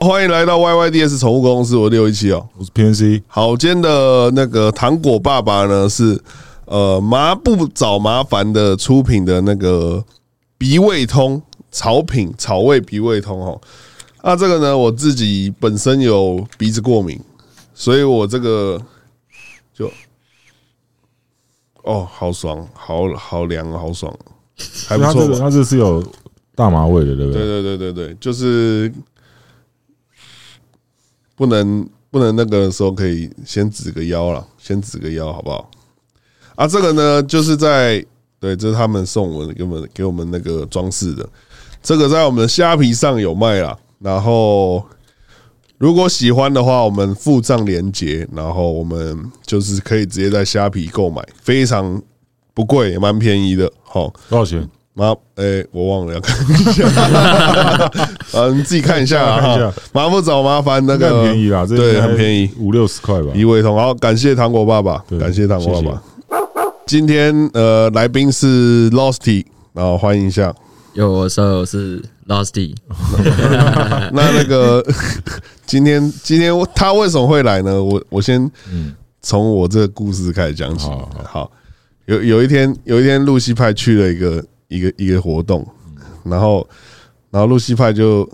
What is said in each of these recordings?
歡迎來到 YYDS 寵物公司，我六一七哦，我是 PNC。好，今天的那個糖果爸爸呢是，呃不早，麻不找麻煩的出品的那個鼻胃通草品、草味鼻胃通哦。那、啊、這個呢，我自己本身有鼻子過敏，所以我這個就哦，好爽，好好涼，好爽，還不錯。它這是有大麻味的，對不對？對對對對，就是。不能不能，不能那個的時候可以先指個腰了，先指個腰好不好？啊，這個呢，就是在對，這是他們送我的，給我們給我們那個裝飾的，這個在我們的蝦皮上有賣了。然後如果喜歡的話，我們附上鏈接，然後我們就是可以直接在蝦皮購買，非常不貴，也蠻便宜的。好，多少錢？啊，哎、欸，我忘了，要看一下，嗯、 啊，你自己看一下，看一下好好麻煩不找麻煩那個，很便宜啦，對，很便宜，五六十塊吧。一位同好，感謝糖果爸爸，感謝糖果爸爸。謝謝今天呃，來賓是 Losty，然後歡迎一下，有我說我是 Losty。 那那個今天今天他為什麼會來呢？我我先從我這個故事開始講起、嗯好好好。好，有有一天有一天露西派去了一個。一個一個活動，然後，然後露西派就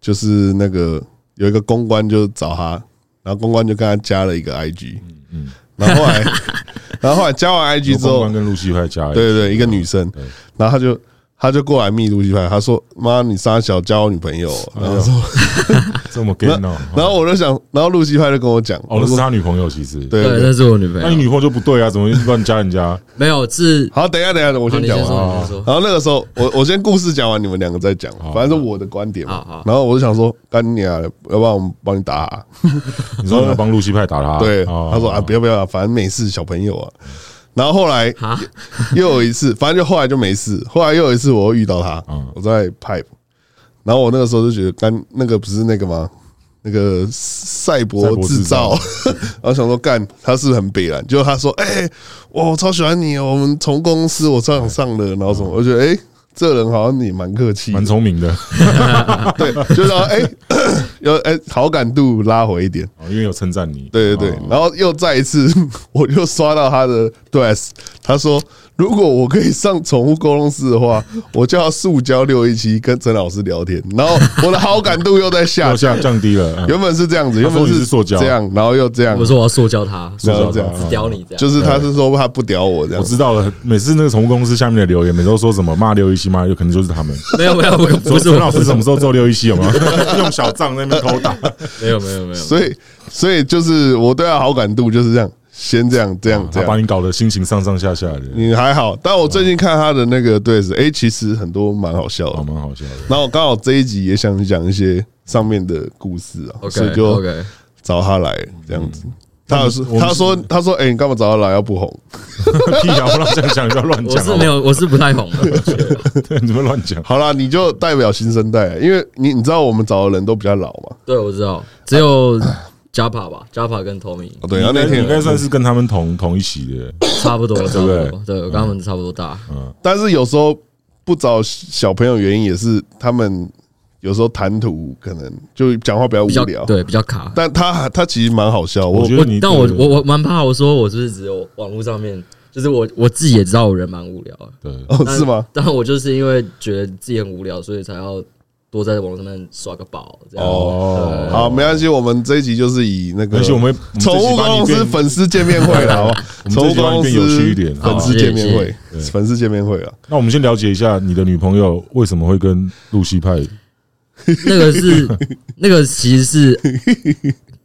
就是那個有一個公關就找他，然後公關就跟他加了一個 IG，嗯嗯，然後後來，然後後來加完 IG 之後，公關跟露西派加，對對，一個女生，然後他就。他就過來密露西派，他說：“媽，你三小交我女朋友。哎”然後說：“這 麼 然後我就想，然後露西派就跟我講、哦：“哦，那是他女朋友，其實對，對，對，那是我女朋友。那你女朋友就不對啊？ 怎麼一直亂加人家？沒有是好。等一下，等一下，我先講完先。然後那個時候， 我我先故事講完，你們兩個再講。 反正是我的觀點嘛。 然後我就想說， 幹你啊，要不要我們幫你打、啊？ 你說要幫露西派打他、啊？ 對， 他說 啊，不要不要，反正每次小朋友啊。”然後後來又有一次，反正就後來就沒事。後來又有一次，我又遇到他，我在派。然後我那個時候就覺得幹，那個不是那個嗎？那個賽博製造，然後想說幹，他是不是很北爛，結果他說，哎，我超喜歡你，哦，我們從公司我超想上的，然後什麼，我就覺得哎、欸。這人好像你蠻客氣，蠻聰明的，。 對，就是說，哎、欸，要哎、欸、好感度拉回一點啊、哦，因為有稱讚你，對對對、哦，然後又再一次，我又刷到他的 threads，他說。如果我可以上寵物公司的話，我就要塑膠六一七跟陳老師聊天，然後我的好感度又在下降， 降低了。原本是這樣子，嗯、原本是,是塑膠，這樣，然後又這樣。我不是說我要塑膠他，塑膠他這樣子。只屌你這樣、啊。就是他是說他不屌我這樣子。我知道了，每次那個寵物公司下面的留言，每次都說什麼罵六一七罵，有可能就是他們。沒有沒有，不是陳老師什麼時候揍六一七有嗎用小賬那邊偷打？沒有沒有沒有。所以所以就是我對他的好感度就是這樣。先這樣，這樣子、啊、把你搞得心情上上下下。的你還好，但我最近看他的那個對子，哎、欸，其實很多蠻好笑的，蠻、哦、好笑的。然後我剛好這一集也想講一些上面的故事啊，okay, 所以就、okay、找他來這樣子。嗯、是他說：“他說，他說，哎，你幹嘛找他來？要不紅， 屁小、啊、不講亂講。”我是沒有，我是不太紅的。的 對你怎麼亂講。好了，你就代表新生代、欸，因為你你知道我們找的人都比較老嘛。對，我知道，只有、啊。加帕吧，加帕跟托米。哦，對，他那天應該算是跟他們同、嗯、同一期的，差不，差不多，對不對，嗯？對，跟他們差不多大。嗯，但是有時候不找小朋友原因也是他們有時候談吐可能就講話比較無聊，比較，對，比較卡。但他他其實蠻好笑我，我覺得你。我但我我我蠻怕，我說我是，不是只有網絡上面，就是我我自己也知道我人蠻無聊的，對，哦是嗎？但我就是因為覺得自己很無聊，所以才要。多在網上面耍個寶這樣哦、oh，嗯，好，沒關係。我們這一集就是以那個，而且我們寵物公司粉絲見面會了、喔，好吧？寵物公司有粉絲見面會，粉絲見面會了、啊。那我們先了解一下你的女朋友為什麼會跟露西派？那個是那個其實是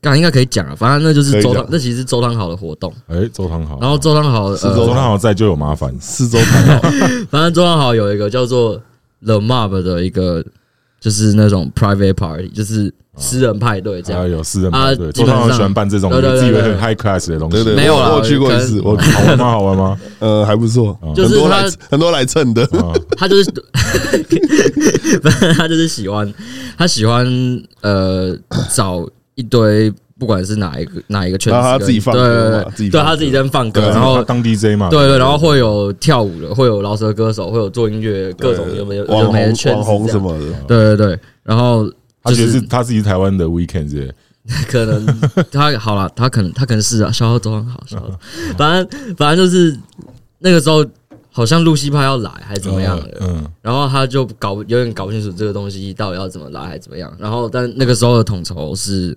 剛才應該可以講啊，反正那就是周湯，那其實是周湯豪的活動。哎、欸，周湯豪，然後周湯豪，周湯豪在就有麻煩，四周湯豪。 反正周湯豪有一個叫做 The Mob 的一個。就是那種 private party，就是私人派對這樣、啊，有私人派對，基本上、啊、很喜歡辦這種，你以為很 high class 的東西，對對對，沒有啦，我去過一次，我好玩嗎？ 好玩嗎？ 呃，還不錯、就是，很多很多來蹭的，他就是 他就是喜歡，他喜歡呃找一堆。不管是哪一個哪一個圈子，對對,對，對,對,對,對,對,對,對,對他自己在放歌，然後當 DJ 嘛，對對，然後會有跳舞的，會有饒舌歌手，會有做音樂各種有沒有？就沒人、網紅什麼的，對對對。然後他覺得是他自己台灣的 Weekend，可能他好了，他可能他可能是啊，消耗都很好，消耗。反正反正就是那個時候，好像露西怕要來還是怎麼樣，嗯。然後他就搞有點搞不清楚這個東西到底要怎麼來還是怎麼樣。然後但那個時候的統籌是。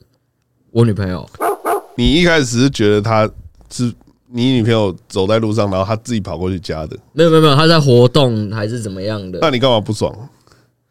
我女朋友，你一開始是覺得她是你女朋友走在路上，然後她自己跑過去加的？沒有沒有沒有，她在活動還是怎麼樣的？那你幹嘛不爽？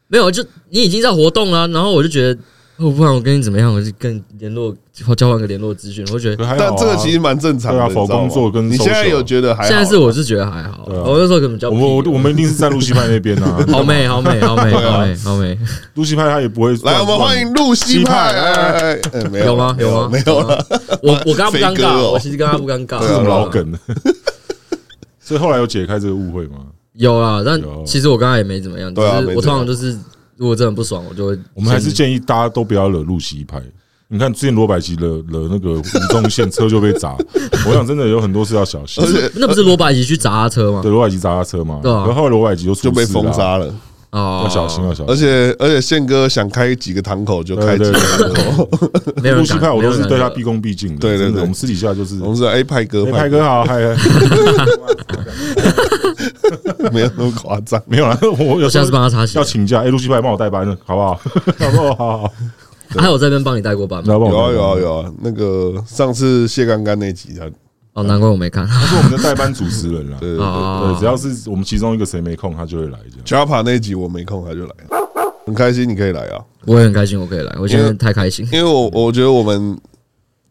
沒有，就你已經在活動了啊，然後我就覺得。我不管，我跟你怎麼樣？我是跟聯絡或交換個聯絡資訊，我覺得但這個其實蠻正常的。對啊，工作跟你現在有覺得還好？現在是我是覺得還好。我那時候可能交。我們我，我們一定是在路西派那邊呢，啊。啊啊、 好美，好美，好美，好美。好美路西派他也不會來。我們歡迎路西派。哎哎，沒有，有嗎？有嗎？有嗎沒有了。我我剛剛不尷尬，哦，我其實剛剛不尷尬。是什麼老梗？所以後來有解開這個誤會嗎？有啊，但其實我剛剛也沒怎麼樣，就、啊、是我通常就是。如果真的不爽，我就會。我們還是建議大家都不要惹路西一派。你看最近羅百吉惹惹那個吳宗憲，車就被砸。我想真的有很多事要小心。 那不是羅百吉去砸他車嗎？對，羅百吉砸他車嘛。然後羅百吉就就被封殺了。哦、oh,，要小心要小心！而且而且，憲哥想開幾個堂口就開幾個堂口。陸 西派我都是對他畢恭畢敬的，對對對，就是、我們私底下就是，我們是 A 派哥，派哥，A、派哥好， 沒有那麼誇張，沒有啦，我有我下次幫他擦鞋，要請假。哎、欸，陸西派幫我代班了，好不好？ 要我好不好，好？好。還有這邊幫你代過班嗎？有啊有啊有啊，有啊，那個上次謝剛剛那集的。哦、啊，難怪我沒看。他是我們的代班主持人啦。 對對對、對，只要是我們其中一個誰沒空，他就會來 Japa，那一集我沒空，他就來、啊。很開心，你可以來啊！我也很開心，我可以來。我覺得太開心，因為我我覺得我們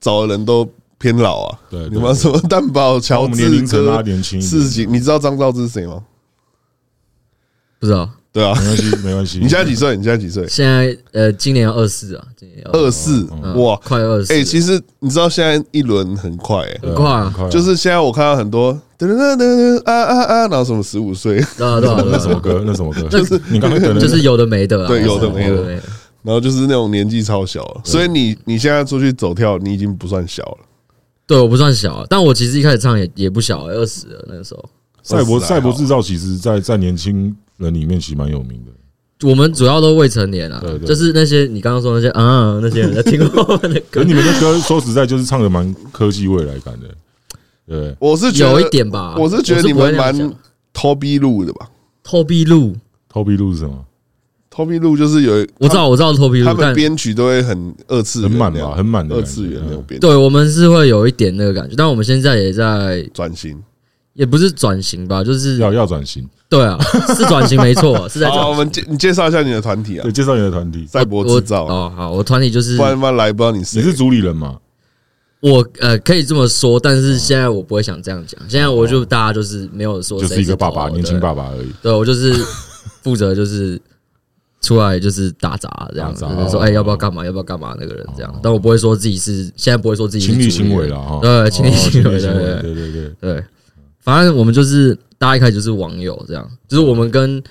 找的人都偏老啊。對、對，你們什麼蛋堡、喬治、澤拉、年輕。四十幾，你知道張兆志是誰嗎？啊、不知道。對啊，沒關係，沒關係。 你現在幾歲？你現在幾歲？現在呃，今年二四啊，今年二四、嗯，哇，嗯、快二四。哎，其實你知道現在一輪很快、欸啊，很快、啊，就是現在我看到，很多，噔噔噔噔，啊啊啊，然後什麼十五歲，對啊，啊啊啊、 那什麼歌，那什麼歌， 就是你剛剛，對對對，就是有的沒的，對，有的沒的。然後就是那種年紀超小，所以你你現在出去走跳，你已經不算小了。對，我不算小了，但我其實一開始唱也也不小、欸，二十了那個、時候。賽博賽博製造，其實在，在在年輕人裡面，其實蠻有名的。我們主要都未成年啊，對對對就是那些你剛剛說那些，啊，那些人在聽過我們的歌。可你們的歌， 們歌， 說實在，就是唱的蠻科技未來感的。對，我是覺得有一點吧。我是覺得是你們蠻偷幣路的吧？偷幣路？偷幣路是什麼？偷幣路就是有一我知道我知道偷幣路，他們編曲都會很二次元很滿的很滿二次元的那種、個、編曲。對我們是會有一點那個感覺，但我們現在也在轉型。也不是轉型吧，就是要要轉型，對啊，是轉型沒錯，是在。 好，我們介你介紹一下你的團體啊，對，介紹你的團體，賽博製造哦。好，我團體就是慢慢來，不知道你是你是主理人嗎？我呃可以這麼說，但是現在我不會想這樣講。現在我就大家就是沒有說誰是就是一個爸爸，年輕爸爸而已。對，對，我就是負責就是出來就是打雜這樣子，說哎、欸、要不要幹嘛，要不要幹嘛那個人這樣，但我不會說自己是現在不會說自己情侶行為了哈。對，情侶行為，對對對對。對對對對對。反正我們就是，大家一開始就是網友這樣，就是我們跟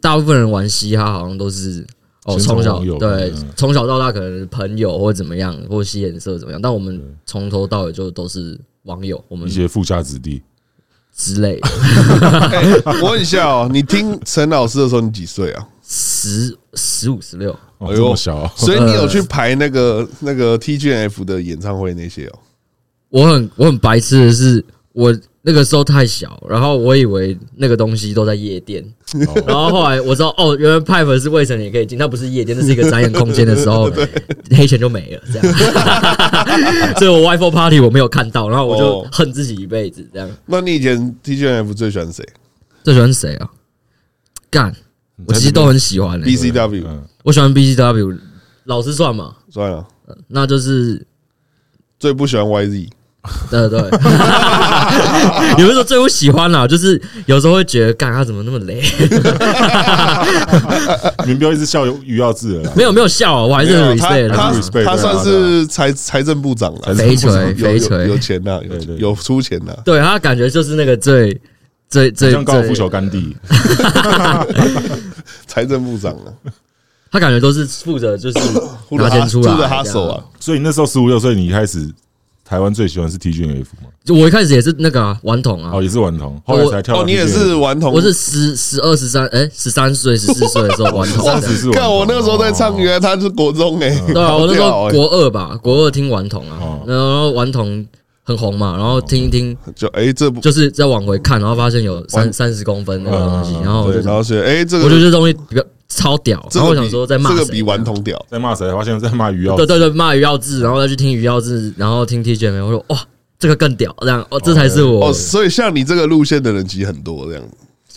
大部分人玩嘻哈，好像都是哦，從小對，從小到大可能朋友或怎麼樣，或吸顏色怎麼樣，但我們從頭到尾就都是網友。我們一些富家子弟之類。 欸、我問一下哦，你聽陳老師的時候，你幾歲啊？十十五十六，哎呦，這麼小，啊，所以你有去排那個那個 TGF 的演唱會那些哦？我很我很白痴的是。我那個時候太小，然後我以為那個東西都在夜店，oh、然後後來我知道 哦，原來派粉是未成年也可以進，那不是夜店，那是一個展演空間的時候， 黑錢就沒了。這樣 所以我 Wi-Fi party 我沒有看到，然後我就恨自己一輩子。這樣、oh, 啊。那你以前 TGF 最喜歡誰？最喜歡誰啊？幹，我其實都很喜歡、欸。B C W，我喜歡 B C W，老師算嗎？算了，那就是最不喜歡 Y Z。對對對，有時候最不喜歡了、啊，就是有時候會覺得，幹他怎麼那麼雷 ？ 你不要一直笑，余耀智。沒有沒有笑啊，我還是很 respect 的啦。他他他算是財財政部長了，肥錘肥有，有，有錢、啊、有，錢，有,錢有出錢吶、啊。對他感覺就是那個最對對對最最最高富小甘地，財 政部長了。 他感覺都是負責就是拿錢出來 負、負責哈手啊。所以那時候十五六歲，你開始。台灣最喜歡是 T G F 嘛，就我一開始也是那個啊，頑童啊，哦，也是頑童，後來才跳。哦，你也是頑童，我是十十二十三，誒，十三歲十四歲的時候頑 童，看，啊、我那個時候在唱，原來他是國中哎，欸啊嗯欸，對啊，我那個時候國二吧，國二聽頑童啊，啊，然後頑童很紅嘛，然後聽一聽，就誒，欸，這部就是再往回看，然後發現有三三十公分那個東西，啊，然後我就然後是誒，這個，就是、我覺得這東西比較。超屌！然後我想說，在罵誰？這個比頑童屌，在罵誰？我現在在罵余耀。對對對，罵余耀智，然後再去聽余耀智，然後聽 TJM。我說哇、哦，這個更屌！這樣哦，這才是我、哦哦。所以像你這個路線的人其實很多，這樣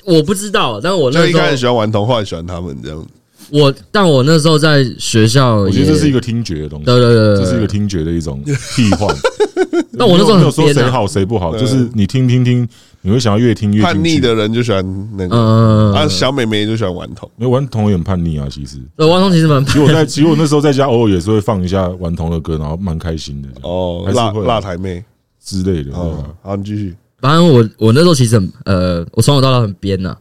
我不知道，但我那時候應該很喜歡頑童話，很喜歡他們這樣我，但我那時候在學校，我覺得這是一個聽覺的東西，對對對、對、對，這是一個聽覺的一種替換。那 我那時候很沒有說誰好誰不好、啊，就是你聽聽聽。聽你會想要越聽越叛逆的人就喜歡那個啊，小妹妹就喜歡頑童，因為頑童也很叛逆啊。其實頑童其實蠻，因為我在其實我那時候在家偶爾也是會放一下頑童的歌，然後蠻開心的，還是會，啊、的哦，辣辣台妹之類的。哦好，你繼續。反正我我那時候其實很呃，我從小到大很邊吶，啊，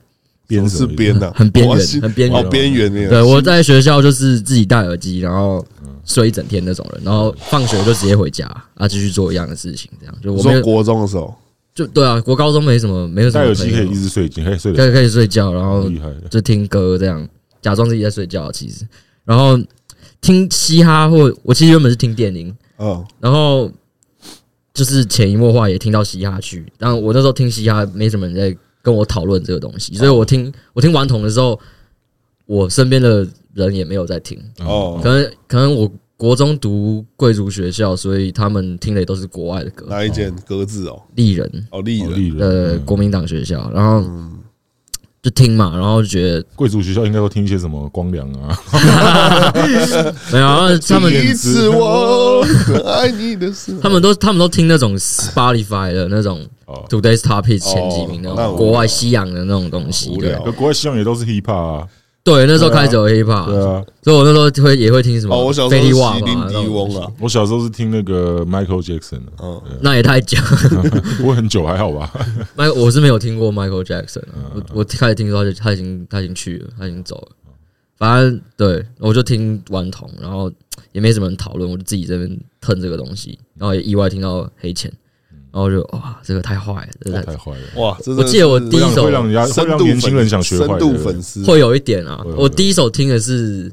不是邊吶，啊，很邊緣，很邊緣，好邊緣。對，我在學校就是自己戴耳機，然後睡一整天那種人，然後放學就直接回家啊，繼續做一樣的事情，這樣就我。說國中的時候。就對啊，國高中沒什麼，沒有什麼。戴耳機可以一直睡覺，可以睡。可以可以睡覺，然後就聽歌這樣，假裝自己在睡覺。其實，然後聽嘻哈或，或我其實原本是聽電音，哦，然後就是潛移默化也聽到嘻哈去。但我那時候聽嘻哈，沒什麼人在跟我討論這個東西，所以我聽我聽頑童的時候，我身邊的人也沒有在聽哦可，可能可能我。國中讀貴族學校，所以他們聽的都是國外的歌。哪一間格子哦？立、喔喔、人哦，立人呃，國民黨學校，然後就聽嘛，然後就覺得貴族學校應該都聽一些什麼光良啊。 哈 有、啊，他哈我 愛你的 他們都他們都聽那種 Spotify 的那種 Today's Topic 前幾名那種國外西洋的那種東西，哦、對，國外西洋也都是 hiphop 啊。對，那時候開始有黑怕，對啊，啊、所以我那時候會也會聽什麼？哦，我小時候迪翁啊，我小時候是聽那個 Michael Jackson 的，哦、那也太假，不過很久還好吧 。我是沒有聽過 Michael Jackson，我我開始聽的時候就他已經他已經去了，他已經走了。反正對，我就聽頑童，然後也沒什麼人討論，我就自己在那邊吞這個東西，然後也意外聽到黑錢。然後就哇，這個太壞了，太壞了哇！我記得我第一首會讓人家、會讓年輕人想學壞的粉絲，會有一點啊對對對。我第一首聽的是《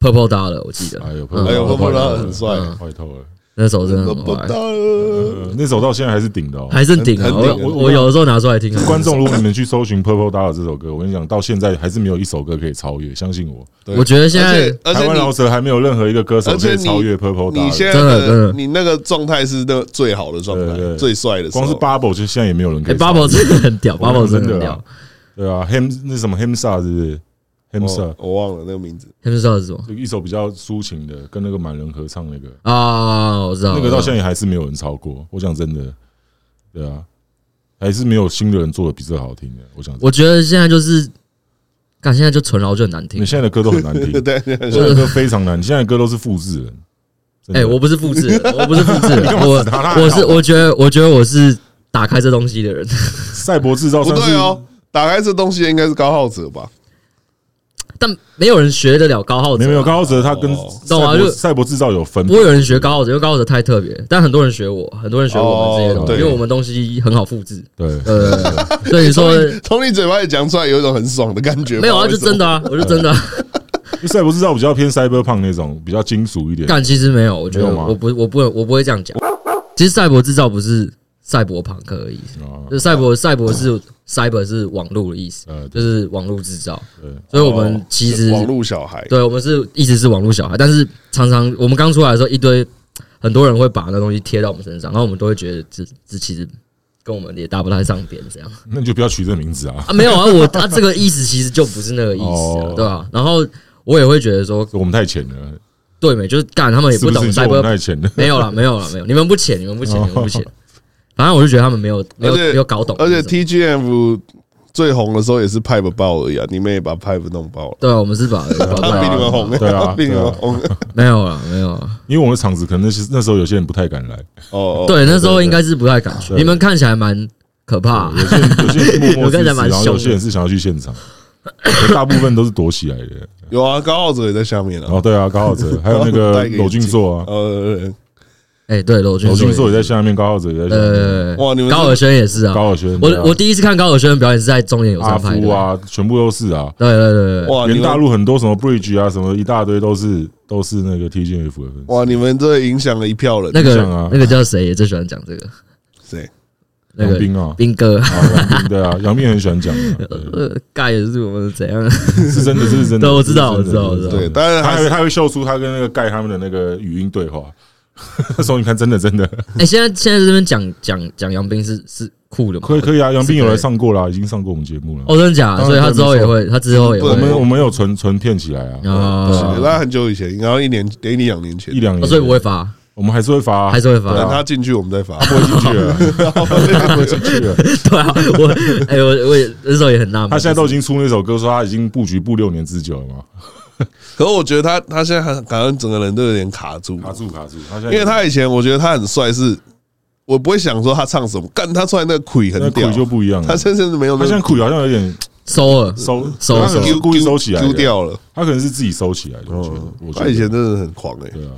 Purple D》了，我記得。哎呦，Purple D 很帥、欸，壞透了。那首真的很好，啊不呃，那首到現在還是頂的。哦，還是頂，我我，我，我有的時候拿出來聽。觀眾，如果你們去搜尋《Purple Dollar》這首歌， 我跟你講，到現在還是沒有一首歌可以超越。相信我，我覺得現在，啊，而且,而且台灣饒舌還沒有任何一個歌手可以超越 Purple Dollar。真的，真的，你那個狀態是那最好的狀態，最帥的。光是 Bubble，其實現在也沒有人可以超越。Bubble，欸欸欸，真的很屌，Bubble 真的屌。啊 對啊 啊。對啊，Him，啊 啊，那什麼 Himsa 是不是？ m sir 我忘了那個名字。m sir 是什麼？ example, 一首比較抒情的，跟那個滿人合唱那個。啊，我知道。那個到現在還是沒有人超過。我想真的，對啊，還是沒有新的人做的比這好聽的。我想真的，我覺得現在就是，感覺現在就純饒就很難聽。你現在的歌都很難聽 對對對，對，現在的歌非常難聽。你現在的歌都是複製人。哎、欸，我不是複製人，我不是複製人， 我我是我覺得我覺得我是打開這東西的人。賽 博製造不對哦，打開這東西應該是高浩哲吧？但沒有人學得了高浩澤、啊，沒有高浩澤，他跟懂啊，就、哦、賽博製造有分。不會有人學高浩澤，因為高浩澤太特別。但很多人學我，很多人學我們這些東西，哦、因為我們東西很好複製。哦、對，對，對，對，複對，對，對，對，所以說從你，你嘴巴裡講出來，有一種很爽的感覺。沒有啊，是真的啊，我是真的。啊。賽博製造比較偏 Cyberpunk 那種，比較金屬一點。但其實沒有，我覺得我不，我不，我不會，我不會這樣講。其實賽博製造不是。賽博朋克的意思，就賽博賽博是 cyber 是網絡的意思，就是網絡製造。所以我們其實網絡小孩，對，我們是一直是網絡小孩，但是常常我們剛出來的時候，一堆很多人會把那東西貼到我們身上，然後我們都會覺得這這其實跟我們也搭不太上邊，這樣。那你就不要取這名字啊！啊，沒有啊，我他、啊、這個意思其實就不是那個意思、啊，對吧、啊？然後我也會覺得說，我們太淺了。對，沒，就是幹他們也不懂賽博，太淺了。沒有了，沒有了，沒有，你們不淺，你們不淺，你們不淺。反正我就覺得他們沒有沒有沒有搞懂而，而且 TGM 最紅的時候也是 Pipe 爆而已啊，你們也把 Pipe 弄爆了。 對，我們是把，他比你們紅，對啊，比你們紅。沒有啦，沒有啊， 因為我們的場子可能其實那時候有些人不太敢來。哦，哦，哦、對，那時候應該是不太敢。你們看起來蠻可怕、啊，有些有些默默，我看起來蠻凶。有些人是想要去現場， 現場 大部分都是躲起來的。有啊，高傲者也在下面啊。哦，對啊，高傲者 還有那個柳俊座啊。哦，對對對。哎、欸，對，羅軍、羅軍說也在下面，對對對對，高浩哲也在下面。哇，你們高爾宣也是啊，高爾宣、啊啊。我我第一次看高爾宣表演是在綜藝，有在拍的。啊，全部都是啊。對對對、對，哇，連大陸很多什麼 Bridge 啊，什麼一大堆都是都是那個 TGF 的粉絲，哇，你們這影響了一票人。那個、啊、那個叫誰最喜歡講這個？誰？楊、那、斌、個、啊，斌哥。啊對啊，楊 斌很喜歡講、啊。呃，蓋 也是我們怎樣？是真的，是真的。我知道，我知道，我知道。對，但是他他會秀出他跟那個蓋他們的那個語音對話。那時候你看，真的真的，欸。哎，現在現在，在這邊講講講楊斌是是酷的嗎？可以可以啊。楊斌有來上過啦，已經上過我們節目了。哦，真的假的？所以他之後也會，他之後也會。我們我們有存存片起來啊。啊，那很久以前，然後一年給你兩年前一兩年，所以不會發。我們還是會發，啊，還是會發，啊。等他進去我們再發，啊，他不會進去了、啊， 他不進進去了。 對，啊，我哎、欸，我我那時候也很納悶，他現在都已經出那首歌， 說他已經布局布六年之久了嗎？ 可是我覺得他他現在很感恩，剛剛整個人都有點卡住，卡住卡住。因為他以前我覺得他很帥，是我不會想說他唱什麼，但他出來那個苦很屌，那個，就不一樣了他。他現在是沒有，他現在苦好像有點收了，收收，他可能故意收起來丟掉了。他可能是自己收起來的，哦。他以前真的很狂哎、欸啊。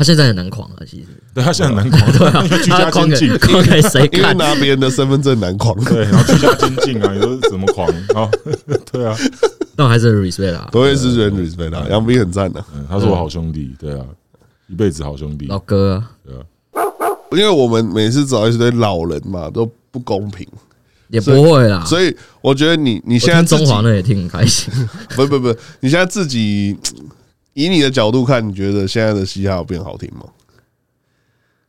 他現在很難狂啊，其實。對，啊對啊，他現在很難狂，對啊。居家禁進，OK？誰？應該拿別人的身份證難狂？對，然後居家禁進啊，你說怎麼狂？啊，對啊。那我還是很 respect 啊，是很 respect 啊，楊斌很讚的，他是我好兄弟，對啊，一輩子好兄弟，老哥。啊，因為我們每次找一堆老人嘛，都不公平。也不會啦，所以我覺得你你現在增狂的也挺開心。不不不，你現在自己。以你的角度看，你覺得現在的嘻哈有變好聽嗎？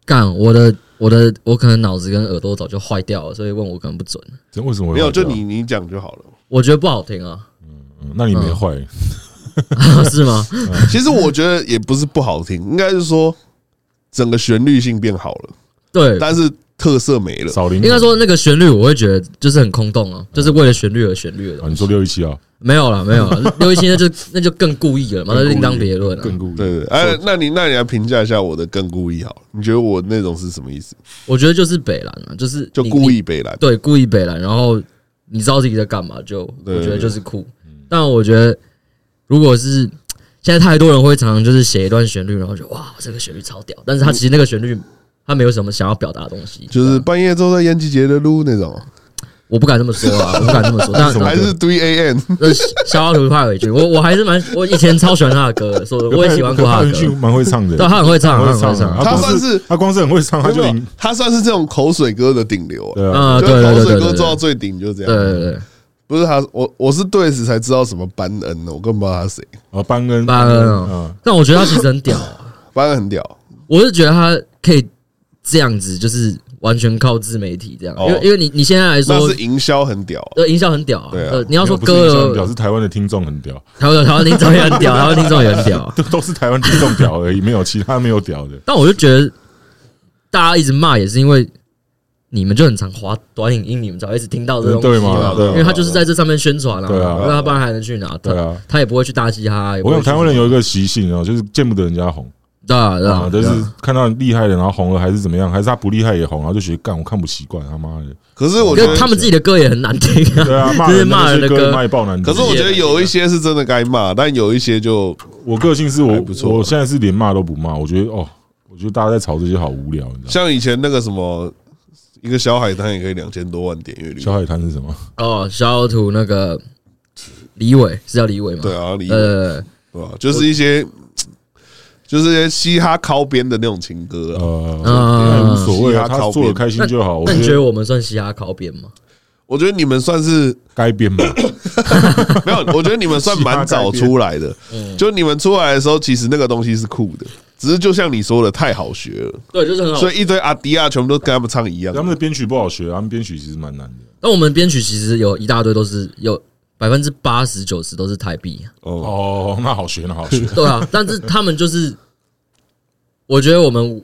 幹，我的我的我可能腦子跟耳朵早就壞掉了，所以問我可能不準。為什麼？沒有，就你你講就好了。我覺得不好聽啊。嗯，那你沒壞。嗯。啊，是嗎？嗯。其實我覺得也不是不好聽，應該是說整個旋律性變好了。對，但是。特色沒了，應該說那個旋律，我會覺得就是很空洞啊，就是為了旋律而旋律的。你說六一七啊？沒有了，沒有了六一七，那就那就更故意了嘛，那就另當別論了。更故意，對對。哎，那你那、啊啊、你來評價一下我的更故意好了？你覺得我那種是什麼意思？我覺得就是擺爛啊，就是就故意擺爛，對，故意擺爛。然後你知道自己在幹嘛，就我覺得就是酷。但我覺得，如果是現在太多人會常常就是寫一段旋律，然後就哇，這個旋律超屌，但是他其實那個旋律。他沒有什麼想要表達的東西，就是半夜坐在延吉街的路那種，我不敢這麼說啊，我不敢這麼說。 是什麼但是還是3 a.m.，小奧頭派回去。我我還是蠻，我以前超喜歡他的歌，的時候我也喜歡過他的歌，蠻會唱的。對，他很會唱，他很會唱。他算是，他，他，光是他光是很會唱，他就他算，他算是這種口水歌的頂流、啊。對對、啊，就是、口水歌做到最頂就是這樣。對對，對，不是他，我我是對此才知道什麼班恩我根本不知道他是誰。班恩，班恩，班恩、啊。但我覺得他其實很屌、啊， 班恩很屌。我是覺得他可以。這樣子就是完全靠自媒體這樣，因為因為你現啊啊因為因為你現在來說，那是營銷很屌、啊，對營、啊、銷很屌、啊，對啊。你要說歌了，表示台灣的聽眾很屌，台有、啊、台灣聽眾也很屌、啊，台灣聽眾也很屌，都都是台灣聽眾屌而已，沒有其他沒有屌的。但我就覺得大家一直罵也是因為你們就很常滑短影音，你們只要一直聽到這東西嘛，因為他就是在這上面宣傳了，對啊，啊啊啊啊啊啊啊啊啊、那他不然還能去哪？對啊，他也不會去打擊他。我跟你說台灣人有一個習性啊，就是見不得人家紅。啊，啊，啊，啊，就是看到人厲害的，然後紅了還是怎麼樣？還是他不厲害也紅，然後就學幹。我看不習慣，他媽的！可是我覺得他們自己的歌也很難聽啊。 對啊，人的罵人的歌罵爆難聽。可是我覺得有一些是真的該罵，但有一些就我個性是我不錯，我現在是連罵都不罵。我覺得哦，我覺得大家在吵這些好無聊，你知道？像以前那個什麼，一個小海灘也可以兩千多萬點閱率。小海灘是什麼？哦，小土那個李偉是叫李偉嗎？對啊，李偉、呃。對吧、啊？就是一些。就是些嘻哈靠邊的那種情歌啊嗯嗯。啊、嗯，無所謂，他做的開心就好。那、嗯、你覺得我們算嘻哈靠邊嗎？我覺得你們算是該編吧 沒有，我覺得你們算蠻早出來的。就你們出來的時候，其實那個東西是酷的、嗯，只是就像你說的，太好學了。對，就是很好學。所以一堆阿迪啊，全部都跟他們唱一樣。他們的編曲不好學，他們編曲其實蠻難的。那我們編曲其實有一大堆都是有。百分之八十九十都是台幣。哦，那好學那好學。對啊，但是他們就是，我覺得我們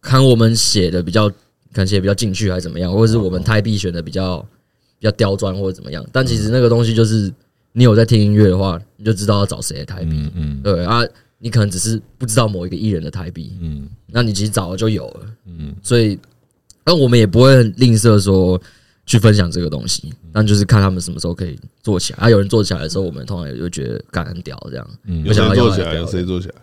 看我們寫的比較，看寫比較進去還是怎麼樣，或者是我們台幣選的比較比較刁鑽或者怎麼樣。但其實那個東西就是，你有在聽音樂的話，你就知道要找誰的台幣。嗯。嗯，對，對啊，你可能只是不知道某一個藝人的台幣。嗯，那你其實早就有了。嗯，所以，那我們也不會吝嗇說。去分享這個東西，但就是看他們什麼時候可以做起來啊！有人做起來的時候，我們通常也又覺得干很屌這樣。嗯，誰做,做起來？有誰做起來？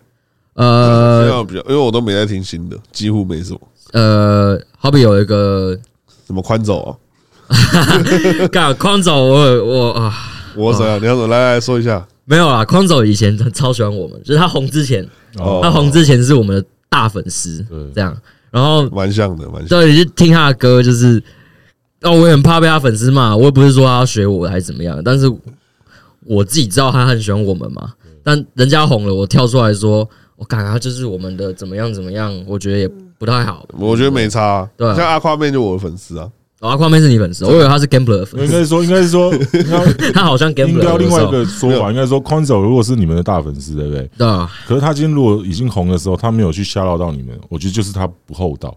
呃，比較，因為我都沒在聽新的，幾乎沒什麼。呃，好比有一個什麼寬走啊，幹 寬走我，我我啊，我走，你要走來,來說一下。沒有啊，寬走以前超喜歡我們，就是他紅之前，哦，他紅之前是我們的大粉絲，這樣，然後蠻像的，蠻像的，對，你就聽他的歌就是。那、哦、我也很怕被他粉絲罵，我也不是說他要學我還是怎麼樣，但是我自己知道他很喜歡我們嘛。但人家紅了，我跳出來說，我感覺就是我們的怎麼樣怎麼樣，我覺得也不太好。我覺得沒差、啊，對、啊。像阿誇面就我的粉絲啊，阿誇面是你粉絲，我以為他是 gamble。應該是說，應該是說， 他好像 gamble。應該另外一個說法，應該說寬 o 如果是你們的大粉絲，對不對？對啊。可是他今天如果已經紅的時候，他沒有去嚇擾到你們，我覺得就是他不厚道。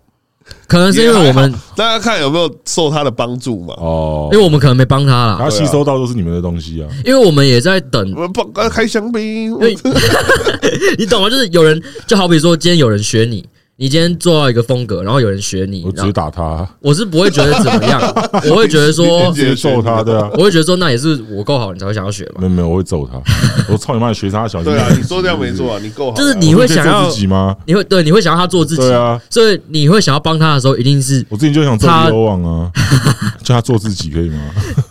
可能是因為我們，大家看有沒有受他的幫助嘛？哦，因為我們可能沒幫他啦，他吸收到都是你們的東西啊。啊因為我們也在等，我不，開香檳。因為 你懂嗎？就是有人，就好比說，今天有人學你。你今天做到一個風格，然後有人學你，我只打他、啊。我是不會覺得怎麼樣， 我會覺得說你你直接揍他，對啊，我會覺得說那也是我夠好，你才會想要學嘛。沒有沒有，我會揍他， 我操你媽，學渣小心他。對啊、就是，你說這樣沒錯啊，你夠好、啊。就是你會想要自己嗎？你會對，你會想要他做自己。對啊，所以你會想要幫他的時候，一定是我最近就想做牛網啊，叫 他 做自己可以嗎？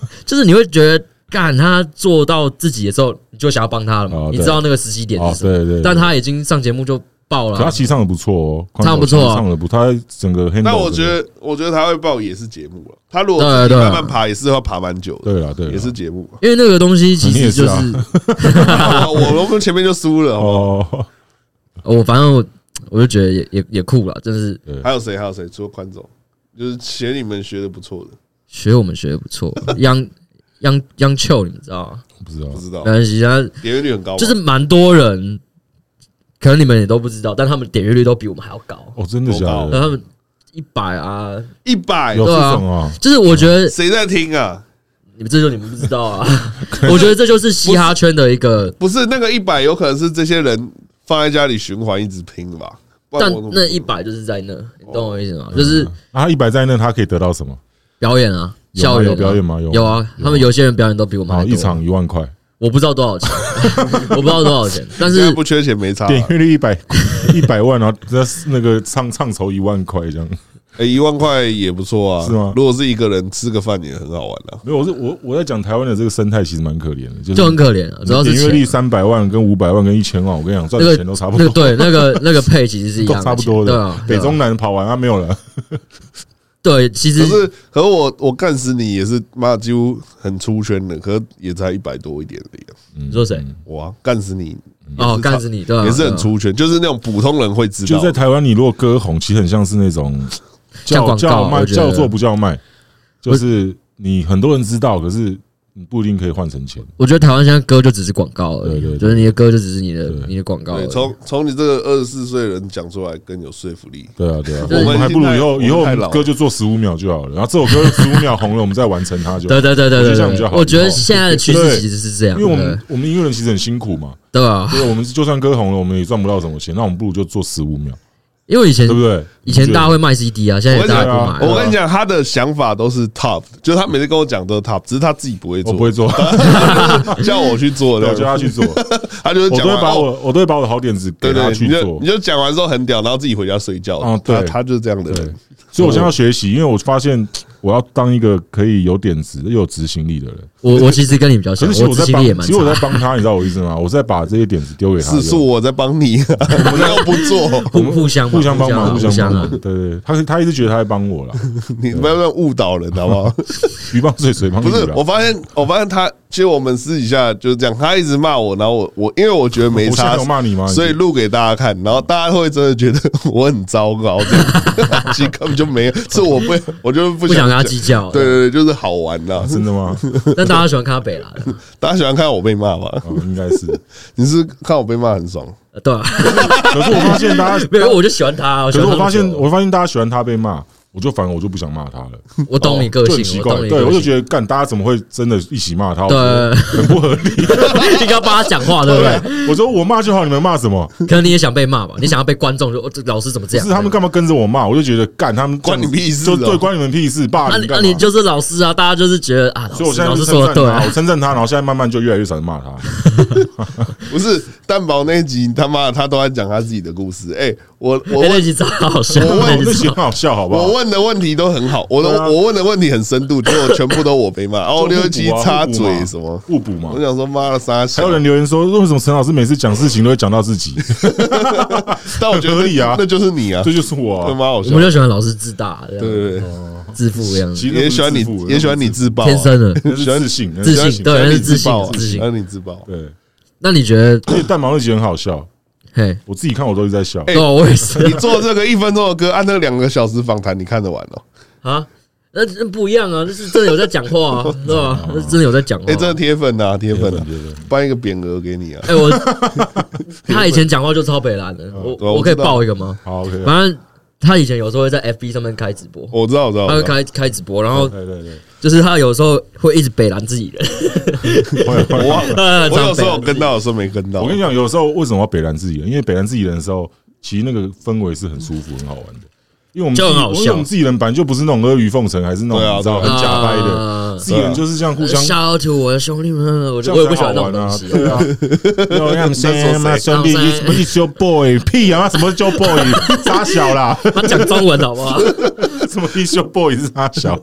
就是你會覺得干他做到自己的時候，你就想要幫他了嘛、oh,？你知道那個時機點是什麼、oh,？但他已經上節目就。爆了、啊喔、了！他其實唱的不錯哦，唱的不錯，唱的不，他整個黑。那我覺得，我覺得他會爆也是節目了、啊。他如果慢慢爬，也爬對對，也是要爬蠻久的。對了，對了，也是節目、啊。因為那個東西其實就是，是、啊 我，我如峰前面就輸了哦，哦。我反正我，我就覺得也也也酷了，就是。還有誰？還有誰？除了寬總，就是學你們學的不錯的，學我們學的不錯。 央央央 Q，你們知道嗎？不知道，不知道。但是他點擊率很高，就是蠻多人。嗯可能你們也都不知道，但他們點閱率都比我們還要高。哦，真的假的？他們一百啊，一百對啊,有啊，就是我覺得誰在聽啊？你們這就你們不知道啊？ 我覺得這就是嘻哈圈的一個，不是,不是那個一百，有可能是這些人放在家裡循環一直拼的吧。但那一百就是在那，你、哦、懂我意思嗎？就是、嗯、啊，啊，一百在那，他可以得到什麼？表演啊，有啊有,啊有,有表演嗎？有啊有啊,有啊,有啊，他們有些人表演都比我們好，一場一萬塊。我不知道多少錢 我不知道多少錢，但是不缺錢沒差，點閱率一百一百萬啊，那那個唱唱酬一萬塊這樣，誒、欸、一萬塊也不錯啊，是嗎？如果是一個人吃個飯也很好玩的、啊。沒有，我是我我在講台灣的這個生態其實蠻可憐的，就很可憐，主要是點閱率三百萬跟五百萬跟一千萬，我跟你講賺的錢都差不多，那個那個、對，那個那個配其實是一樣，都差不多的、啊啊。北中南跑完啊，沒有了。 對，其實可是和我我幹死你也是嘛，幾乎很出圈的，可是也才一百多一點的呀。你、嗯、說誰？我啊，幹死你。哦，幹死你，對、啊，也是很出圈、嗯，就是那種普通人會知道。就是、在台灣，你如果歌紅，其實很像是那種叫叫賣，叫做不叫賣，就是你很多人知道，可是。不一定可以換成錢。我覺得台灣現在歌就只是廣告而已，對對對，就是你的歌就只是你的對對對對，你的廣告而已。從從你這個二十四歲人講出來更有說服力。對啊對啊，啊、 我們還不如以後以後歌就做十五秒就好了。然後這首歌十五秒紅了，我們再完成它就好了。 對對對對對，這樣好。我覺得現在的趨勢其實是這樣，因為我們我們音樂人其實很辛苦嘛。對啊，對、啊，我們就算歌紅了，我們也賺不到什麼錢。那我們不如就做十五秒。因為以前，對不對？以前大家會賣 CD 啊，現在不買。我跟你講、啊，他的想法都是 top，就是他每次跟我講都是 top，只是他自己不會做，我不會做，叫我去做， 叫他去做， 他就是講。我都會把我，哦、我都會把我的好點子給他去做。對對對，你就你就講完之後很屌，然後自己回家睡覺。啊，對，他就是這樣的人。所以我現在要學習，因為我發現我要當一個可以有點子又有執行力的人。我我其實跟你比較其，其實我其實我在幫他，你知道我意思嗎？我是在把這些點子丟給他，是我在幫你，們 又不做，互互相互相幫忙，互相幫，啊、忙。啊、對，對對，他他一直覺得他在幫我了， 你不不要誤導人好不好？ 魚幫水水幫， 不是？我發現我發現他，其實我們私底下就是講，他一直罵我，然後我我因為我覺得沒差事，罵你嗎？所以錄給大家看，然後大家會真的覺得我很糟糕， 其實根本就沒有，是我不，我就不想，不想跟他計較。對對對，就是好玩了， 真的嗎？大家喜歡看他被啦，大家喜歡看我被罵吧、哦？應該是， 你是，是看我被罵很爽，呃、對、啊。 可是我發現大家 沒有，我就喜歡他，我喜歡他。可是我發現，我發現大家喜歡他被罵。我就反而我就不想罵他了，我懂你個性，哦、就奇怪，對我就覺得幹，大家怎麼會真的一起罵他？對，對，很不合理， 一定要幫他講話，對不對？對我說我罵就好，你們罵什,什麼？可能你也想被罵吧？你想要被觀眾就老師怎麼這樣？是他們幹嘛跟着我罵？我就覺得幹，他們關你屁事、喔？對關你們屁事？爸，你那你那你就是老師啊？大家就是覺得啊老師，所以我現在稱、老師說的對啊、我稱讚他、啊，然後現在慢慢就越來越少人罵他。 不是擔保那一集，他媽他都在講他自己的故事，欸我我問、欸、你，好笑？我問很好笑好好，好我問的問題都很好，我的、啊、我問的問題很深度，結果全部都我被罵。O 六七插嘴什麼互補嗎？我想說，媽的，媽的殺小。有人留言說，為什麼陳老師每次講事情都會講到自己？ 但我覺得可以啊，那就是你啊，這就是我、啊、我就喜歡老師自大這樣，對對對，自負一樣子。其也,也喜歡你，自,你自爆、啊，天生的，喜歡自信，自信對，是自信，但是是自那你自爆，、啊自你自爆啊、對？那你覺得？而且蛋毛那集很好笑。Hey, 我自己看我都是在笑、欸，哦，我也是。你做這個一分鐘的歌， 按那兩個,個小時訪談，你看得完哦、喔。啊那，那不一樣啊，那是真的有在講話、啊，是 吧、啊啊？那是真的有在講話、啊。哎、欸，這鐵、個、粉吶、啊，鐵粉、啊，我覺得頒一個匾額給你啊。哎、欸、我 他以前講話就超北爛的，我我,我,我可以報一個嗎？好、okay 啊，反正他以前有時候會在 FB 上面開直播，我知道，我知道，知道他會開開直播，然後對對對。Okay, right, right. 就是他有時候會一直北爛自己人我、啊， 己人我忘了。有時候我跟到，我有時候沒跟到、啊。我跟你講，有時候為什麼要北爛自己人？因為北爛自己人的時候，其實那個氛圍是很舒服、很好玩的。因為我們就很好笑，因為我們自己人本來就不是那種阿諛奉承，還是那種你知道、啊、很假掰的。啊、自己人就是像互相。Shout、啊、out to，我的兄弟們，我，、啊、我也不喜歡玩啊。兄、嗯、弟、啊啊， 什麼叫 boy？屁啊！什麼叫 boy？三小啦，他講中文好不好？什麼一 a Boy 是他小，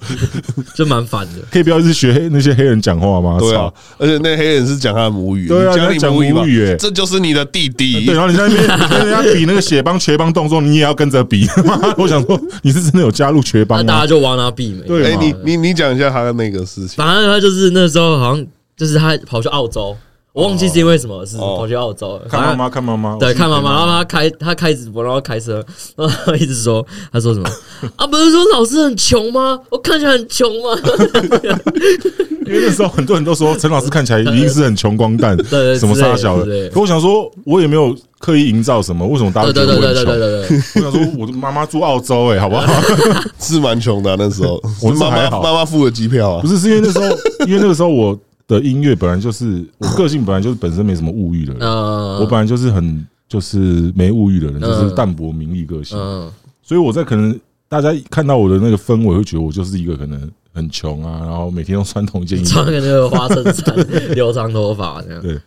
就蠻煩的。可以不要一直學那些黑人講話嗎？對啊，而且那黑人是講他的母語，你語。對啊，講母語哎，這就是你的弟弟、啊。對啊，然後你在那邊跟人家比那個血幫、瘸幫動作，你也要跟着比。 我想說，你是真的有加入瘸幫，大家就 wannabe 嘛。哎、欸，你你你講一下他的那個事情。反正他就是那時候，好像就是他跑去澳洲。我忘記是因為什麼，是跑去澳洲看媽媽，看媽媽，對、啊，看媽媽，媽媽開她開直播，然後，開，開，然後開車，然後一直說，她說什麼？ 啊，不是說老師很窮嗎？我看起來很窮嗎？ 因為那時候很多人都說陳老師看起來一定是很窮光蛋， 對，對，什麼差小的。對對對對，我想說，我也沒有刻意營造什麼，為什麼大家都問我窮？對對對對對對，我想說，我的媽媽住澳洲、欸，哎，好不好？ 是蠻窮的、啊、那時候，我媽媽媽媽付了機票、啊、不是，是因為那時候，因為那個時候我。的音樂本來就是我個性，本來就是本身沒什麼物慾的人。嗯，我本來就是很就是沒物慾的人，就是淡泊名利個性。嗯，所以我在可能大家看到我的那個氛圍，會覺得我就是一個可能很窮啊，然後每天都穿同一件衣服，穿個那個花襯衫， 留長頭髮這樣。對，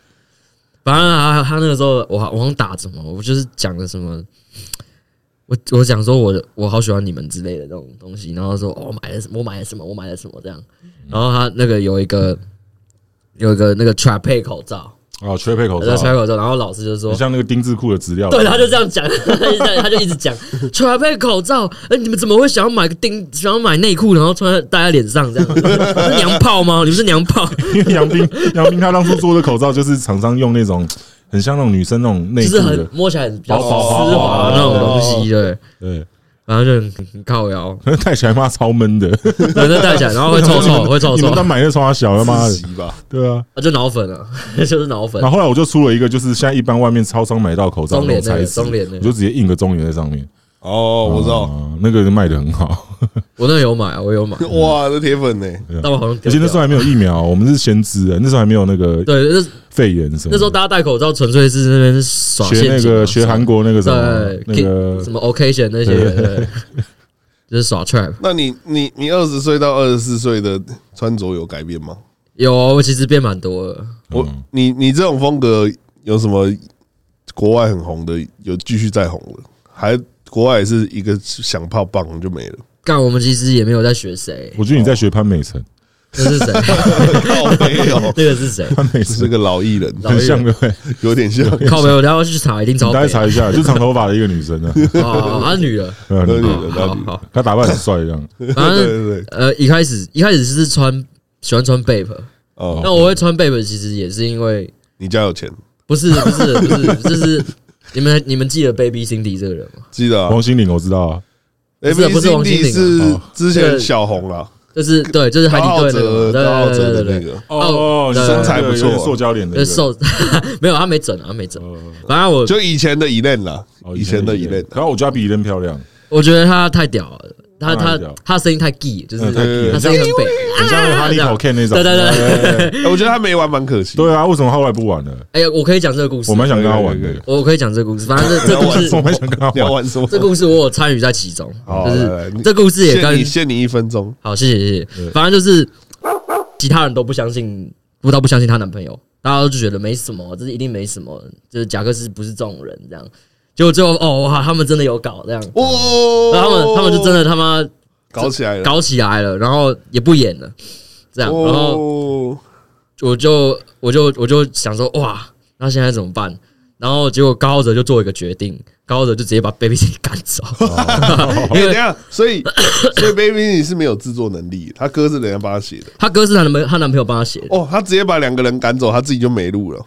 反正啊，他那個時候我我好像打什麼，我就是講的什麼，我我講說我的我好喜歡你們之類的這種東西，然後說我買了我買了什麼我買了什麼，我買了什麼這樣，然後他那個有一個。 有一個那個 Trapey 口罩哦啊，Trapey 口罩，Trapey 口罩。然後老師就說：“你像那個丁字褲的資料。”對，他就這樣講，他就一直講 Trapey 口罩。哎，你們怎麼會想要買個丁，想要買內褲，然後穿戴在臉上這樣？娘炮嗎？你們是娘炮？因為楊斌，楊斌他當初做的口罩就是廠商用那種很像那種女生那種內褲很，摸起來比較絲滑的那種東西，對對。然、啊、後就很很靠腰反正戴起來媽超悶的，反正戴起來，然後會臭臭，會臭臭。你們當時買那雙耳小的嘛？對吧？對啊,啊，就腦粉啊， 就是腦粉、啊。然後後來我就出了一個，就是現在一般外面超商買到口罩，中聯的，中聯我就直接印個中原在上面。哦，我知道、啊，那個賣得很好。我那有買、啊，我有買。 哇，這鐵粉呢，但我好像。而且那時候還沒有疫苗， 我們是先知的，那時候還沒有那個對。肺炎什麼？那時候大家戴口罩，純粹是那邊耍學那個學韓國那個什麼那個什麼 occasion 那些，就是耍 trap。那你你你二十歲到二十四歲的穿着有改變嗎？有，我其實變蠻多了我。我你你這種風格有什麼國外很紅的？有繼續再紅的？還國外也是一個想泡棒就沒了。但我們其實也沒有在學誰。我覺得你在學潘美辰。是誰 這是誰？靠，沒有，這個是誰？他每次是個老藝人，很像，個有點像。靠，沒有，待會去查，一定超。待查一下，就長頭髮的一個女生啊，啊，女的，啊、女的，好、啊，她打扮很帥，這樣。對對對，啊啊啊、呃，一開始一開始是穿喜歡穿 Bape 哦，那、啊、我會穿 Bape，其實也是因為你家有錢。不是不是不是，就是你們你們記得 Baby Cindy 這個人嗎？記得，王心凌我知道啊，Baby Cindy 是之前小紅啦就是對，就是海底隊的，的，對，對,對,對,對，高傲哥的那個哦對對對，身材不錯，啊，塑膠臉的瘦、那個， 沒有他沒整啊，他沒整。然、哦、後我就以前的 Elaine 了，以前的 Elaine，然後我覺得他比 Elaine 漂亮，我覺得她太屌了。他他他聲音太 gay，就是他聲音 y 很北，嗯對對對很像啊、像這像哈利好看那種。對對對,對，我覺得他沒玩蠻可惜。對啊，為什麼後來不玩了？哎呀，我可以講這個故事。我蠻想跟他玩的。我可以講這個故事，反正這故事我蠻想跟他玩。完。這故事我有參與在其中、啊，就是這故事也跟限你,限你一分鐘。好，謝謝謝謝。反正就是其他人都不相信，不知道不相信她男朋友，大家就覺得沒什麼，這是一定沒什麼，就是賈克斯不是這種人這樣。就最後哦哇，他們真的有搞這樣，那、哦嗯哦、他們、哦、他們就真的他媽搞起來了，搞起來了，然後也不演了，這樣，哦、然後我就我就我就想說哇，那現在怎麼辦？然後結果高哲就做一個決定，高哲就直接把 Baby、哦、趕走，哦、因為這樣、欸，所以所以 Baby 你 是沒有製作能力，他歌是人家幫他寫的，他歌是他男他男朋友幫他寫的，哦，他直接把兩個人趕走，他自己就沒路了。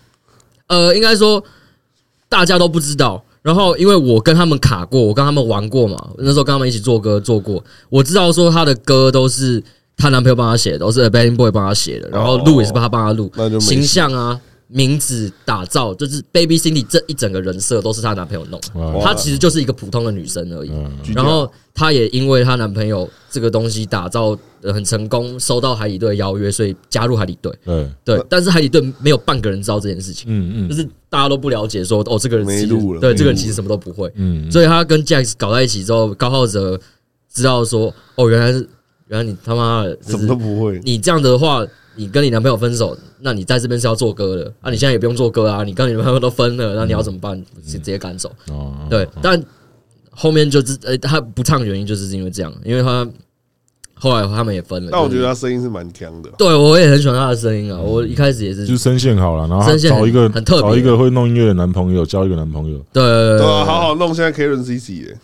呃，應該說大家都不知道。然後，因為我跟他們卡過，我跟他們玩過嘛，那時候跟他們一起做歌做過，我知道說他的歌都是她男朋友幫他寫的，都是 Abandon Boy 幫他寫的，然後錄也是她幫他錄，哦、形象啊。名字打造就是 Baby Cindy 這一整個人設都是她男朋友弄的，她其實就是一個普通的女生而已。然後她也因為她男朋友這個東西打造得很成功，收到海底隊邀約，所以加入海底隊。嗯，對。欸、但是海底隊沒有半個人知道這件事情。嗯嗯，就是大家都不了解說，說哦，這個人沒路了。對，這個人其實什麼都不會。嗯，所以他跟 Jax 搞在一起之後，高浩哲知道說，哦，原來是原來你他媽的什麼都不會，這你這樣的話。你跟你男朋友分手，那你在這邊是要做歌的，那、啊、你現在也不用做歌啊，你跟你男朋友都分了，那你要怎麼辦？嗯、直接趕走、嗯嗯哦，對、哦。但後面就是欸、他不唱原因，就是因為這樣，因為他後來他們也分了。但我覺得他聲音是蠻強的對，對，我也很喜歡他的聲音啊。我一開始也是，就聲線好了，然後找一個很特找一個會弄音樂的男朋友，交一個男朋友，對、對、對、對、對、對、啊，好好弄。現在 Karen C C、欸、耶。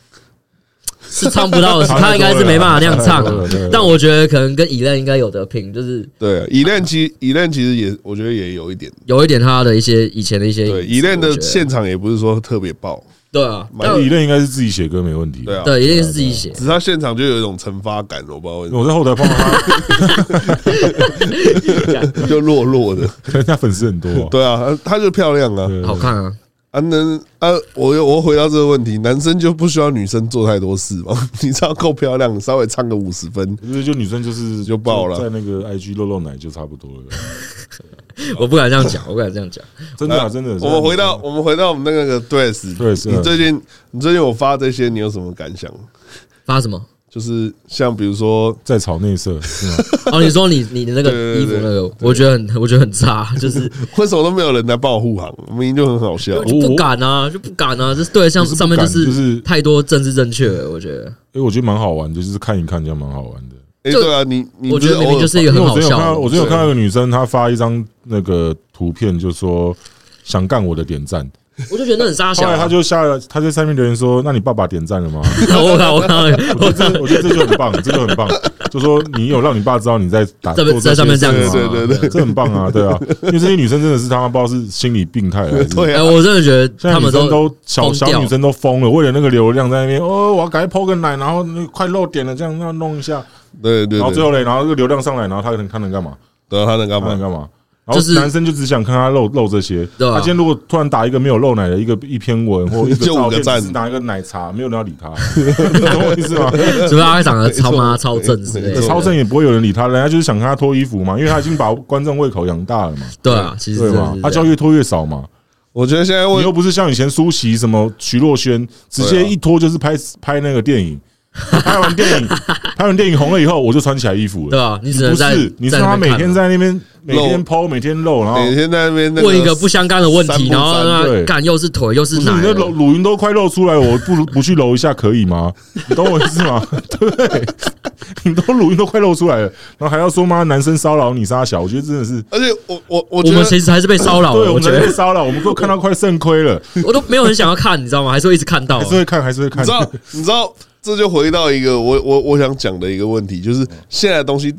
是唱不到的，他應該是沒辦法那樣唱。對對對對，但我覺得可能跟以亮應該有得拼，就是對以亮，其以亮、啊、其實也我覺得也有一點，有一點他的一些以前的一些。對以亮的現場也不是說特別爆，對啊，但以亮應該是自己寫歌沒問題，對啊，對以、啊、亮是自己寫、啊啊啊，只是他現場就有一種懲罰感，我不知道為什麼。我在後台碰到他， 就弱弱的，可能他粉絲很多、啊， 對啊，他就漂亮啊，對對對，好看啊。還能啊！我又我回答這個問題，男生就不需要女生做太多事嘛？你知道，夠漂亮，稍微唱個五十分，因為就女生就是就爆了，在那個 IG 漏漏奶就差不多了。了 我不敢這樣講，我不敢這樣講、 啊，真的真的，真的。我們回到 我們回到我們那個，那個對對視、啊。你最近你最近我發這些，你有什麼感想？發什麼？就是像比如說在草內射是嗎，然後你說你你的那個衣服那個，對對對對，我覺得很我覺得很差，就是 為什麼都沒有人來幫我護航，明明就很好笑，就不，敢啊、我就不敢啊，就不敢啊，這、就是、對，像上面就是太多政治正確了、欸，我覺得，哎、欸，我覺得蠻好玩，就是看一看，這樣蠻好玩的，哎、欸，對啊，你，你我覺得明明就是一個很好笑，我最近有看到一個女生，她發一張那個圖片就，就說想幹我的點讚。我就覺得那很沙雕。後來他就下了，他在下面留言說：“那你爸爸點讚了嗎？” 我靠！我靠！我覺得我,我,我,我,我,我,我, 我覺得這就很棒，這就、個、很棒。就說你有讓你爸知道你在打，在在上面這樣子，對對對,對，這很棒啊，對啊。因為這些女生真的是他媽不知道是心理病態還是……哎、啊欸，我真的覺得，現在女生都都小小女生都瘋了,了，為了那個流量在那邊哦，我要趕緊 PO 個奶，然後快露點了，這樣要弄一下。對對,對。然後最後嘞，然後這個流量上來，然後他能他能幹嘛？得他能幹嘛？幹嘛？然後男生就只想看她露露這些。對啊。他、啊、今天如果突然打一個沒有露奶的一個一篇文或一文就個讚，打一個奶茶， 沒有人要理他，懂 我 意思嗎？除、就、非、是、他會長得超媽超正是是超正也不會有人理他。人家就是想看她脫衣服嘛，因為他已經把觀眾胃口養大了嘛。 對啊，其實是對。對吧，他、啊、就越脫越少嘛。我覺得現在我。你又不是像以前舒淇什麼徐若瑄，直接一脫就是拍，啊、拍那個電影。拍完電影， 拍完電影紅了以後，我就穿起來衣服了，對吧、啊？你只能在，你不是在，你是他每天在那邊每天拋，每天露，然後每天在那邊問一個不相干的問題，三三然後讓他幹，又是腿又是奶。你的露乳暈都快露出來，我不不去揉一下可以嗎？ 你懂我意思嗎？ 對，你都乳暈都快露出來了，然後還要說嗎？男生騷擾女殺小，我覺得真的是，而且我我我們其實還是被騷擾， 對，我們被騷擾，我們都看到快腎虧了我，我都沒有很想要看，你知道嗎？還是會一直看到， 還是會看，還是會看，到。你知道？這就回到一個我我我想講的一個問題，就是現在的東西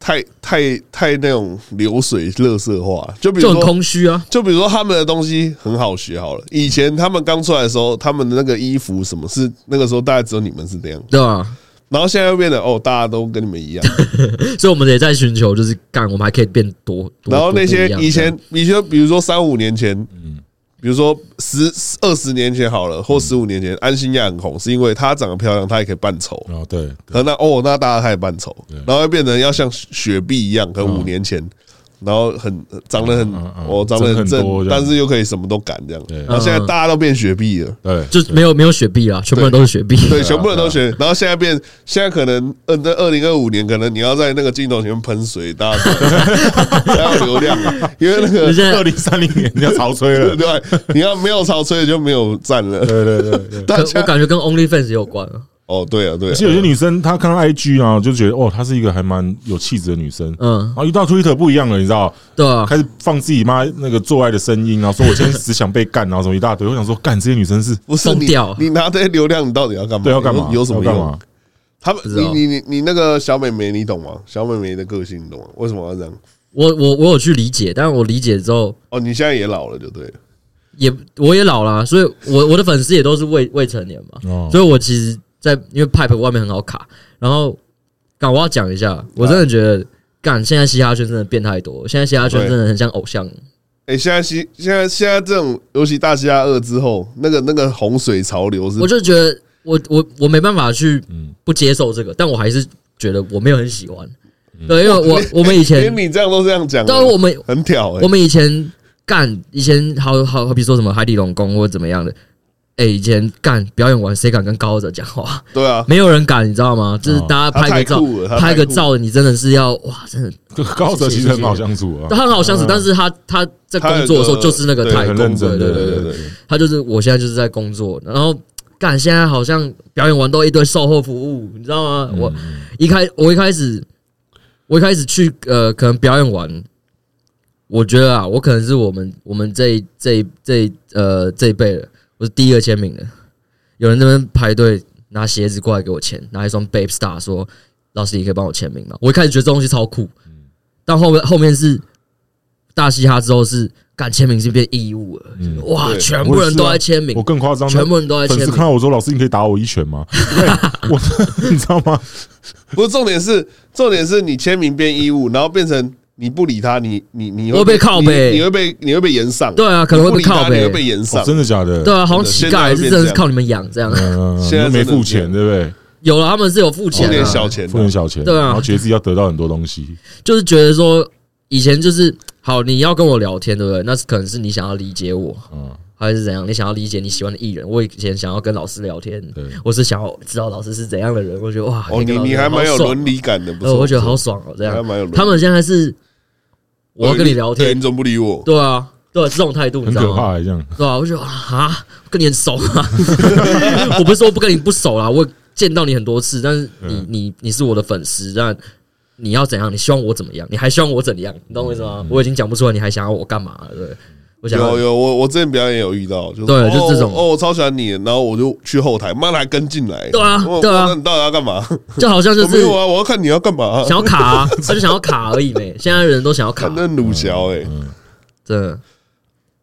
太太太那種流水、樂色化，就比如說就很空虛啊。就比如說他們的東西很好學，好了，以前他們剛出來的時候，他們的那個衣服什麼是，是那個時候大概只有你們是這樣，對吧、啊？然後現在又變得哦，大家都跟你們一樣， 所以我們也在尋求，就是幹，我們還可以變多，多，然後那些以前以前，比如說三五年前，嗯。比如說，十、二十年前好了，或十五年前，嗯、安心亞很紅，是因為她長得漂亮，她也可以扮醜。哦，對。可那哦，那大家她也扮醜，然後會變成要像雪碧一樣，可五年前。哦然後很長得很，我、哦、長得很正，正很，但是又可以什麼都敢這樣。然後現在大家都變雪碧了，對，就沒有沒有雪碧啊，全部人都是雪碧，對，全部人都雪。然後現在變，現在，變現在可能嗯，在二零二五年，可能你要在那個鏡頭前面噴水，大家要流量， 因為那個二零三零年你要潮吹了， 對，你要沒有潮吹就沒有讚了，對對對、對、對。但 我感覺跟 OnlyFans 有關啊。哦，對啊，對啊。而且有些女生，她看到 IG 啊，就覺得哦，她是一個還蠻有氣質的女生。嗯。然後一到 Twitter 不一樣了，你知道？對啊。開始放自己媽那個做愛的聲音然後說我現在只想被幹 然後什麼一大堆。我想說，幹這些女生是不是瘋掉你？你拿這些流量，你到底要幹嘛？對，要幹嘛？有，有，有什麼用？他們，你你你你那個小美眉，你懂嗎？小美眉的個性，你懂嗎？為什麼要這樣？我我我有去理解，但是我理解之後，哦，你現在也老了，就對了。也，我也老了，啊，所以我，我我的粉絲也都是未未成年嘛，哦。所以我其實。在因為 pipe 外面很好卡，然後幹我要講一下，我真的覺得幹現在嘻哈圈真的變太多，現在嘻哈圈真的很像偶像。哎，現在嘻現在現在這種，尤其大嘻哈二之後，那個那個洪水潮流是。我就覺得我我我,我沒辦法去不接受這個，但我還是覺得我沒有很喜歡。對，因為我我們以前連你這樣都這樣講，當然我們很挑。我們以前幹以,以前好好好比說什麼海底龍宮或者怎麼樣的。哎、欸，以前幹表演完，誰敢跟高澤講話？對啊，沒有人敢，你知道嗎？就是大家拍個照，拍個照，你真的是要哇，真的。高澤其實很好相處啊，他很好相處，但是他他在工作的時候就是那個太認真，對對對對，對。他就是我現在就是在工作，然後幹現在好像表演完都一堆售後服務，你知道嗎？我一開我一開始我一開始去呃，可能表演完，我覺得啊，我可能是我們我們這一這一這，一這，一這一呃這一輩了。我是第一個簽名的，有人在那邊排隊拿鞋子過來給我簽拿一雙 Bape Star 說：“老師，你可以幫我簽名嗎？”我一開始覺得這東西超酷，但後面後面是大嘻哈之後是敢簽名是變義務了，哇！全部人都在簽名，我更誇張，全部人都在簽名。你看到我說：“老師，你可以打我一拳嗎？”我你知道嗎？不是重點是重點是你簽名變義務，然後變成。你不理他，你你你會，你會被靠北，你會被你會被炎上，對啊，可能會被靠北，你會被炎上。哦，真的假的？對啊，好像乞丐是真的是靠你們養這樣，嗯、啊啊啊啊現在沒付錢，對不對？有了，他們是有付錢，付小、啊小啊、小錢，付點小錢，對啊，然後覺得自己要得到很多東西，就是覺得說以前就是好，你要跟我聊天，對不對？那是可能是你想要理解我，嗯，還是怎樣？你想要理解你喜歡的藝人？我以前想要跟老師聊天，對，我是想要知道老師是怎樣的人。我覺得哇，哦、你你還蠻有倫理感的，是、哦、我覺得好爽哦、喔，這樣，他們現在還是。我要跟你聊天，你總不理我。對啊，對、啊，啊、這種態度，很可怕、啊，這樣。對啊，我就啊,啊，跟你很熟啊。 我不是說不跟你不熟啦、啊，我見到你很多次，但是你你你是我的粉絲，那你要怎樣？你希望我怎麼樣？你還希望我怎樣？你懂我意思嗎？我已經講不出來，你還想要我幹嘛？對。有有，我我之前表演也有遇到，就是、對，就這種哦，哦，我超喜歡你，然後我就去後台，媽的還跟進來，對啊，對啊，那你到底要幹嘛？就好像就是、啊、沒有啊，我要看你要幹嘛、啊，想要卡、啊，他 就想要卡而已咧，現在人都想要卡，那盧小哎，這、嗯、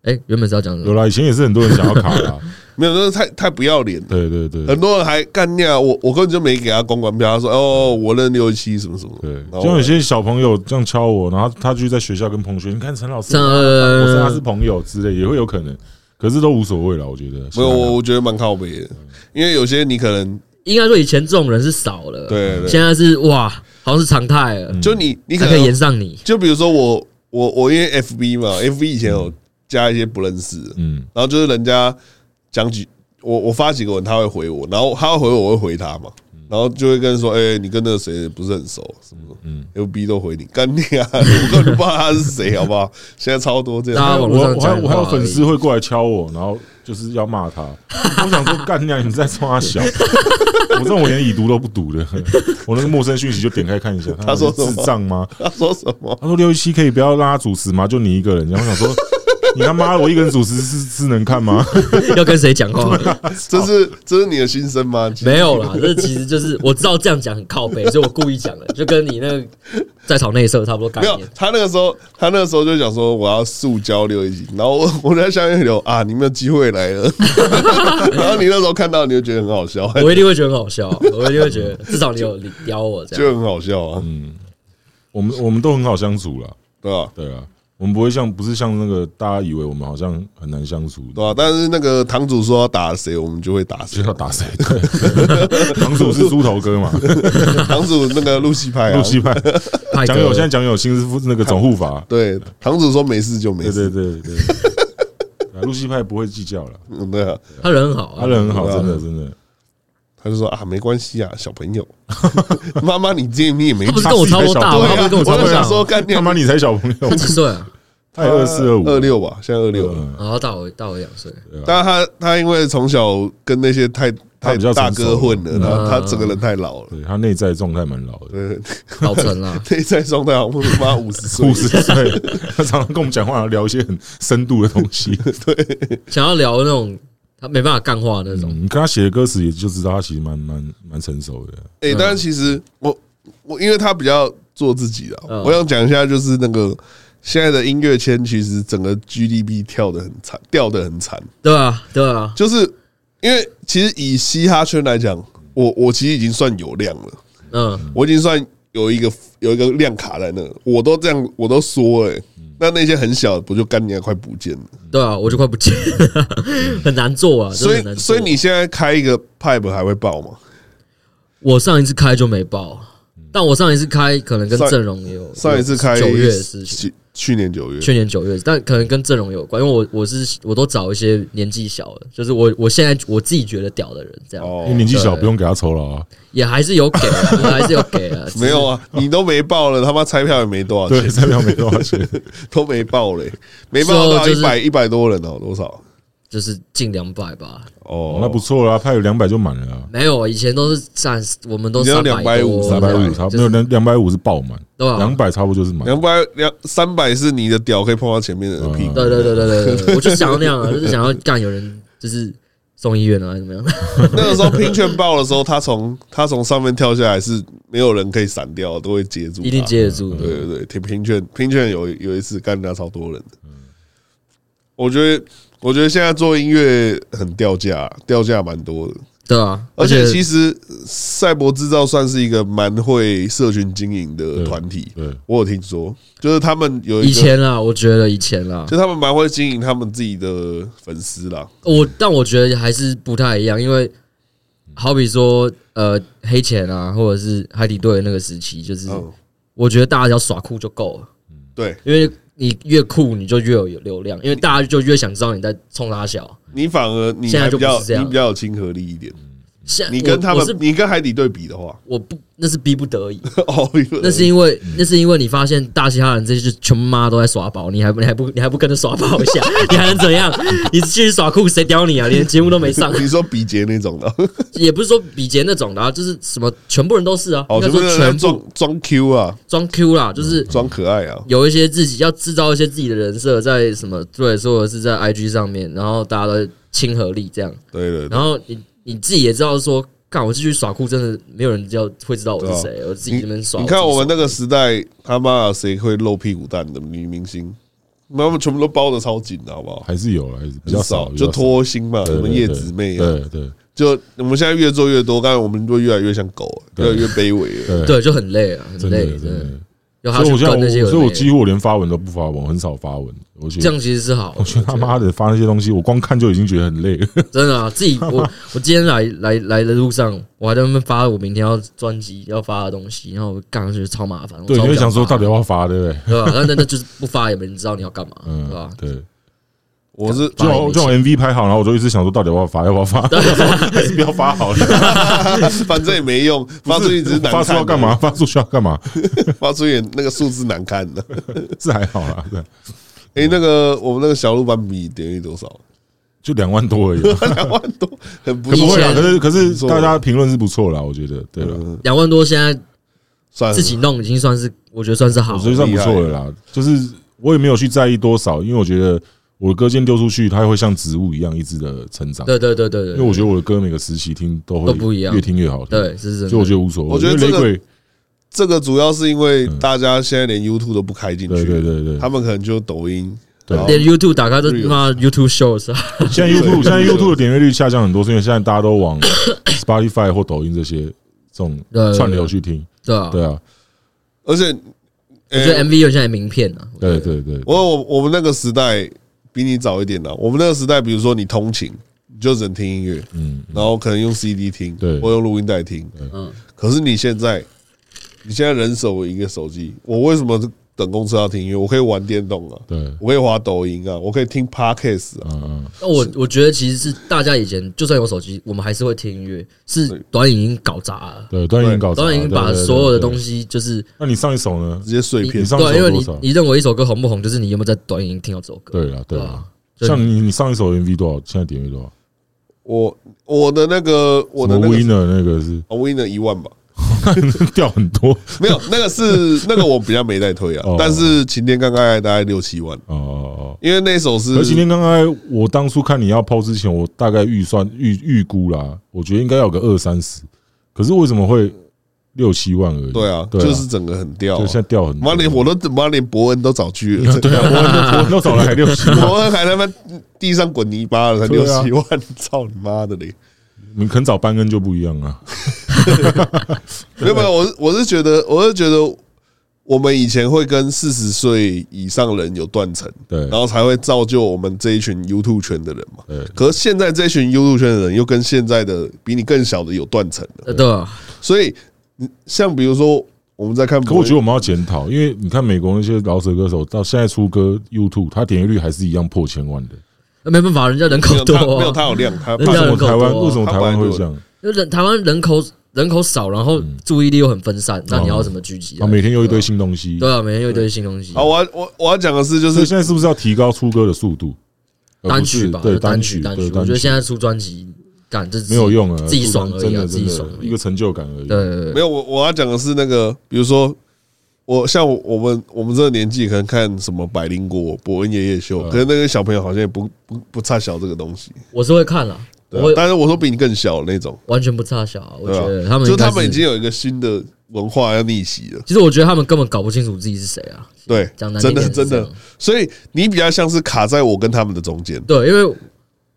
哎、嗯欸，原本是要講什麼？有啦，以前也是很多人想要卡的啊。 沒有，那是太太不要臉。對對對，很多人還幹尿我，我根本就沒給他公關票。他說：“哦，我認六七什麼什麼。然後”對，像有些小朋友這樣敲我，然後他就在學校跟同學，你看陳老師，我、嗯、說他是朋友之類，也會有可能。可是都無所謂了，我覺得沒有，我我覺得蠻靠北的，因為有些你可能應該說以前這種人是少了，對，對，對，現在是哇，好像是常態了。就你，你可能演上你。就比如說我，我我因為 FB 嘛，FB 以前有加一些不認識，嗯，然後就是人家。講幾我我發幾個文，他會回我，然後他會回我，我會回他嘛，嗯、然後就會跟人說，哎、欸，你跟那個誰不是很熟，是不是，嗯，FB 都回你，干你啊！我根本不知道他是誰，好不好？ 現在超多這樣，我我我還有粉絲會過來敲我，然後就是要罵他， 我想說干你啊，你是在他小， 我讓我連已讀都不讀的， 我那個陌生訊息就點開看一下，他說智障嗎？他說什麼？他說，他說六一七可以不要讓他主持嗎？就你一個人，然後我想說。 你他媽的，我一個人主持是是能看嗎？ 要跟誰講話、啊？這是這是你的心聲嗎？沒有啦，這其實就是我知道這樣講很靠北，所以我故意講了，就跟你那個在場內設差不多概念。他那個時候，他那個時候就想說我要素交流一級，然後我,我在下面說啊，你沒有機會來了。 然後你那時候看到你就覺得很好笑，, 我一定會覺得很好笑，我一定會覺得至少你有你刁我這樣就,就很好笑啊。嗯，我們我們都很好相處了，對吧？對啊。對啊我們不會像，不是像那個大家以為我們好像很難相處，對吧、啊？但是那個堂主說要打誰，我們就會打誰，就要打誰。 堂主是豬頭哥嘛？ 堂主那個路西派露、啊、路西派。講友現在講友新是那個總護法，對堂主說沒事就沒事，對對對對。路、 啊、西派不會計較了、嗯，對、啊對啊、他人很好、啊，他人很好，真的、啊、真的。真的。他就說啊，沒關係啊，小朋友，媽 媽你這面也沒關，他不是跟我差不多大，他大，啊啊，他不我，我就想說幹，乾爹，媽媽你才小朋友，他幾歲、啊？才二四二五，啊、二六吧，現在二六啊，大我大我兩歲。但是他他因為從小跟那些太太他比較大哥混了，然，嗯、後，啊、他整個人太老了，他內在狀態蠻老的，老成了、啊、內 在狀態好像他媽五十歲，五十歲， 他常常跟我們講話，聊一些很深度的東西，對，想要聊那種。他沒辦法幹話那種、嗯，你看他寫的歌詞，也就知道他其實蠻蠻蠻成熟的。誒，當然其實我我因為他比較做自己的、嗯，我想講一下，就是那個現在的音樂圈，其實整個 GDP 跳得很慘，掉得很慘。對啊，對啊，就是因為其實以嘻哈圈來講，我我其實已經算有量了，嗯，我已經算有一個有一個量卡在那，我都這樣，我都說、欸，誒那那些很小，不就幹你快不見了？對啊，我就快不見了， 很難做啊。所以，所以你現在開一個 pipe 還會爆嗎？我上一次開就沒爆，但我上一次開可能跟陣容也有。上一次開九月的事情。去年九月，去年九月，但可能跟陣容有關，因為我我是我都找一些年紀小的，就是我我現在我自己覺得屌的人這樣，年紀小不用給他酬勞啊，也還是有給， 還是有給的，沒有啊，你都沒報了，他媽彩票也沒多少錢，彩票沒多少錢， 都沒報嘞，沒辦法、so, 就是，一百一百多人哦，多少？就是近兩百吧，哦，oh，那不錯啦，他有兩百就滿了。沒有，以前都是三，我們都兩百五，兩百五差不多。兩百五是爆滿，對啊，兩百差不多就是滿，兩百兩三百是你的屌可以碰到前面的人屁股。Uh-huh. 對對對對對， 我就想要那樣，就是想要幹有人就是送醫院啊，還是怎麼樣？那個時候拼券爆的時候，他從他從上面跳下來是沒有人可以閃掉，都會接住，一定接得住。對對對，挺拼券，拼券有有一次幹掉超多人，嗯，我覺得。我覺得現在做音樂很掉價啊，掉價蠻多的。對啊，而且其實賽博製造算是一個蠻會社群經營的團體，對。對，我有聽說，就是他們有一以前啊，我覺得以前啊，就他們蠻會經營他們自己的粉絲啦。我但我覺得還是不太一樣，因為好比說呃，黑錢啊，或者是海底隊那個時期，就是我覺得大家只要耍酷就夠了。嗯，對，因為。你越酷，你就越有流量，因為大家就越想知道你在衝三小。你反而你現在就比較，你比較有親和力一點。你跟他們，你跟海底對比的話，我我，我不那是逼不得已、， 哦、逼不得已那是因為那是因為你發現大嘻哈人這些就全媽都在耍寶，你還你還不你還不跟著耍寶一下， 你還能怎樣？你繼續耍酷誰屌你啊？連節目都沒上， 你說比杰那種的，啊， 也不是說比杰那種的，啊，就是什麼全部人都是啊，哦，應就是全部裝 Q 啊，裝 Q 啦，就是裝可愛啊，有一些自己要制造一些自己的人設，在什麼對，說的是在 IG 上面，然後大家的親和力這樣，對對、對，然後你。你自己也知道說，幹看我繼續耍酷，真的沒有人要會知道我是誰、啊。我自己能耍，你耍。你看我們那個時代，他媽誰、啊、會露屁股蛋的女明星？媽媽全部都包得超緊的超緊，好不好？還是有，還是比較少，就脫星嘛，星嘛對對對，什麼葉子楣啊？對，對對，就我們現在越做越多，剛才我們就越來越像狗，越來越卑微對，對，對，就很累啊，很累，真所以我現在，所以我幾乎我連發文都不發文，我很少發文。我覺得這樣其實是好。我覺得他媽的發那些東西，我光看就已經覺得很累了。真的啊，自己我我今天來來來的路上，我還在那邊發我明天要專輯要發的東西，然後我幹就覺得超麻煩。對，你會想說到底要不要發，對不對？對吧、啊？那那就是不發也沒人知道你要幹嘛、嗯，對吧？對。我是這種 MV 拍好，然後我就一直想說，到底要不要發？要不要發？啊、還是不要發好了， 反正也沒用。發出一直難看。發出要幹嘛？發出去要幹嘛？發出去那個數字難看的，是 還好啦。對，誒、欸、那個我們那個小鹿斑比點閱多少？就兩萬多而已，兩 萬多，很不錯。會可是可是大家評論是不錯啦，我覺得對吧。兩、嗯、萬多現在自己弄，已經算是我覺得算是好，我覺得算不錯的啦。就是我也沒有去在意多少，因為我覺得。我的歌先丟出去，它會像植物一樣一直的成長。對對，對對對對因為我覺得我的歌每個時期聽都會不一樣，越聽越好聽。樣對是是，所以我覺得無所謂、嗯。我覺得這個雷鬼這個主要是因為大家現在連 YouTube 都不開進去了、嗯，對對對，對，他們可能就抖音。對、對、對、對、對，連 YouTube 打開都那 YouTube shows、啊、現 YouTube、現 YouTube。現在 YouTube 現在 YouTube 的點閱率下降很多，是因為現在大家都往 Spotify 或抖音這些這種串流去聽。對、對、對、對啊，對啊。而且、欸、我覺得 MV 有現在名片了、啊。對對對，我我我們那個時代。比你早一點呢，我們那個時代，比如說你通勤，你就只能聽音樂，嗯，然後可能用 CD 聽，對，或用錄音帶聽，嗯。可是你現在，你現在人手一個手機，我為什麼？等公車要聽音樂，我可以玩電動啊，對，我可以滑抖音啊，我可以聽 Podcast 啊。那、啊、我我覺得其實是大家以前就算有手機，我們還是會聽音樂，是短影音搞砸了。對，對短影音搞砸了，短影音把所有的東西就是。對對對對對就是、那你上一首呢？直接碎片？上對、啊，因為你你認為一首歌紅不紅，就是你有沒有在短影音聽到這首歌？對啊，對啊。對啊，你像你你上一首 MV 多少？現在點閱多少？我我的那個我的、那個、winner 那個是 winner 一萬吧。 掉很多 ，沒有那個是那個我比較沒在推啊，oh、但是晴天剛剛大概六七萬哦，oh、因為那首是晴天剛剛。我當初看你要拋之前，我大概預算預預估啦，我覺得應該要個二三十，可是為什麼會六七萬而已對，啊。對啊，就是整個很掉，啊，現在掉很多，媽連我都媽連博恩都找去了 對，啊，對啊，博恩都找 了還六七萬，博 恩還他媽地上滾泥巴了才六七萬，啊， 操你媽的你。你肯找班跟就不一樣啊！ 沒有沒有，我是我是覺得，我是覺得，我們以前會跟四十歲以上的人有斷層，對，然後才會造就我們這一群 YouTube 圈的人嘛。可是現在這群 YouTube 圈的人又跟現在的比你更小的有斷層的，對啊。所以，你像比如說，我們在看，可我覺得我們要檢討，因為你看美國那些老手歌手到現在出歌 YouTube，他點閱率還是一樣破千萬的。那沒辦法，人家人口多，沒有他好量。他人口多、啊為台，為什麼台灣會這樣？因為人台灣人口人口少，然後注意力又很分散，嗯、那你要怎麼聚集？啊，每天又一堆新東西。對啊，每天又一堆新東西、嗯。啊，我我我要講的是，就是現在是不是要提高出歌的速度？單曲吧。對，單曲，對單曲對，單曲。我覺得現在出專輯感這沒有用啊，自己爽爽啊真的真的，自己爽而已啊，自己爽一個成就感而已。對對，對，沒有我我要講的是那個，比如說。我像我們我們這個年紀，可能看什麼《百靈果》《博恩夜夜秀》，可是那個小朋友好像也不不不差小這個東西。我是會看了、啊，但是我都比你更小那種，完全不差小、啊，我覺得、啊、他們是就是、他們已經有一個新的文化要逆襲了。其實我覺得他們根本搞不清楚自己是誰啊。對，講難聽點、真的真的。所以你比較像是卡在我跟他們的中間。對，因為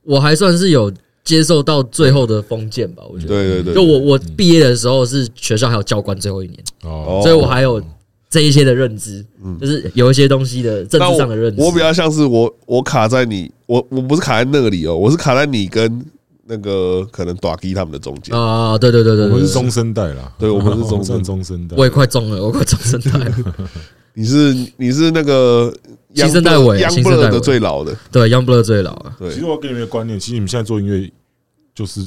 我還算是有接受到最後的封建吧。我覺得對對對，就我我畢業的時候是學校還有教官最後一年，哦，所以我還有。這一些的認知，嗯，就是有一些東西的政治上的認知、嗯，我。我比較像是我，我卡在你，我我不是卡在那裡哦、喔，我是卡在你跟那個可能 Ducky 他們的中間啊、哦。對對對對，我是中生代啦，對我們是中生、哦、中生代。我也快中了，我快中生代了 你是你是那個新生代尾，新生代尾的最老的對，對 Youngblood 最老的、啊。對，其實我給你們的觀念，其實你們現在做音樂就是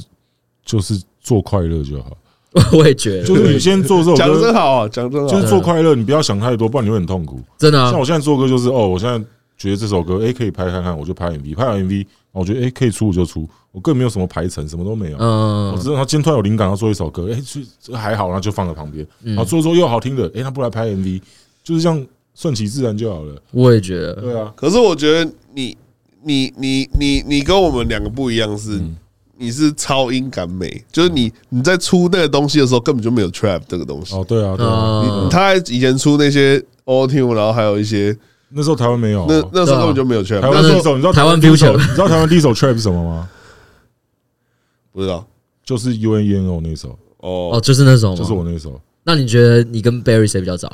就是做快樂就好。我也覺得，就是你先做這種，講真好啊，講真好。就是做快樂，你不要想太多，不然你會很痛苦。真的，像我現在做歌，就是哦、喔，我現在覺得這首歌，誒，可以拍看看，我就拍 MV，拍完 MV，我覺得誒、欸，可以出我就出，我更沒有什麼排程，什麼都沒有。嗯，我知道他今天突然有靈感，要做一首歌，哎，這還好，那就放在旁邊。啊，做做又好聽的，誒，他不來拍 MV，就是這樣順其自然就好了。啊、我也覺得，對啊。可是我覺得你，你，你，你，你跟我們兩個不一樣是、嗯。你是超音感美，就是你你在出那個東西的時候，根本就沒有 trap 這個東西。哦，對啊，對啊。你嗯、他還以前出那些 all time 然後還有一些，那時候台灣沒有，那那時候根本就沒有 trap、啊。那首你知道台灣第一首你知道台灣第一首 trap 是什麼嗎？不知道，就是 U N E N O 那首。哦哦，就是那首嗎，就是我那首。那你覺得你跟 Barry 誰比較早？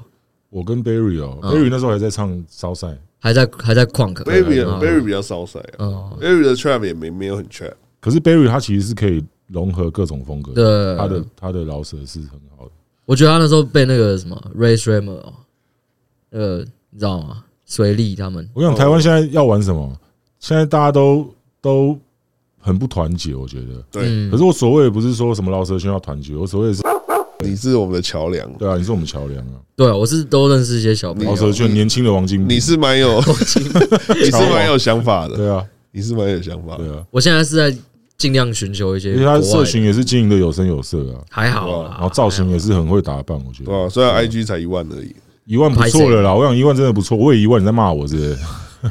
我跟 Barry 哦、嗯、，Barry 那時候還在唱騷賽，還在還在曠課。Barry Barry 比較騷賽啊、嗯、，Barry 的 trap 也沒沒有很 trap。可是 Berry 他其實是可以融合各種風格的，他的他的饒舌是很好的。我覺得他那時候被那個什麼 Ray Shrem 啊，呃，你知道嗎？隨力他們。我跟你講台灣現在要玩什麼？現在大家都都很不團結，我覺得。對、嗯。可是我所謂不是說什麼饒舌圈要團結，我所謂的是你是我們的橋梁。對啊，你是我們橋梁啊。對、啊，我是都認識一些小朋友。饒舌圈年輕的王金，你是蠻有， 你是蠻有想法的。對啊，你是蠻有想法。對啊，啊啊啊、我現在是在。盡量尋求一些，因為他社群也是經營的有聲有色啊，還好啊。然後造型也是很會打扮，我覺得。啊，啊，所以 IG 才一萬而已，一萬不錯了啦。我跟你講，一萬真的不錯，我以為，一萬你在罵我是不是？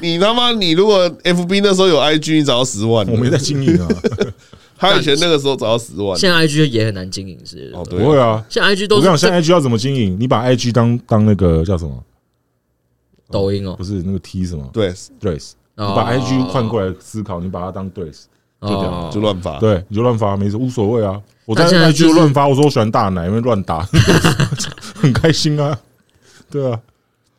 你他媽，你如果 FB 那時候有 IG，你找到十萬？我沒在經營啊。 他以前那個時候找到十萬，現在 IG 也很難經營是不是？哦，不會啊。現在 IG 都我跟你講，現在 IG 要怎麼經營？你把 IG 當當那個叫什麼？抖音哦，不是那個 T 什麼？對，dress、oh。你把 IG 換過來思考，你把它當 dress。就這樣、oh, 就亂發、oh,，對，你就亂發，沒事，無所謂啊。我在 IG 就亂、是、發，我說我喜歡大奶，因為亂打 很開心啊。對啊，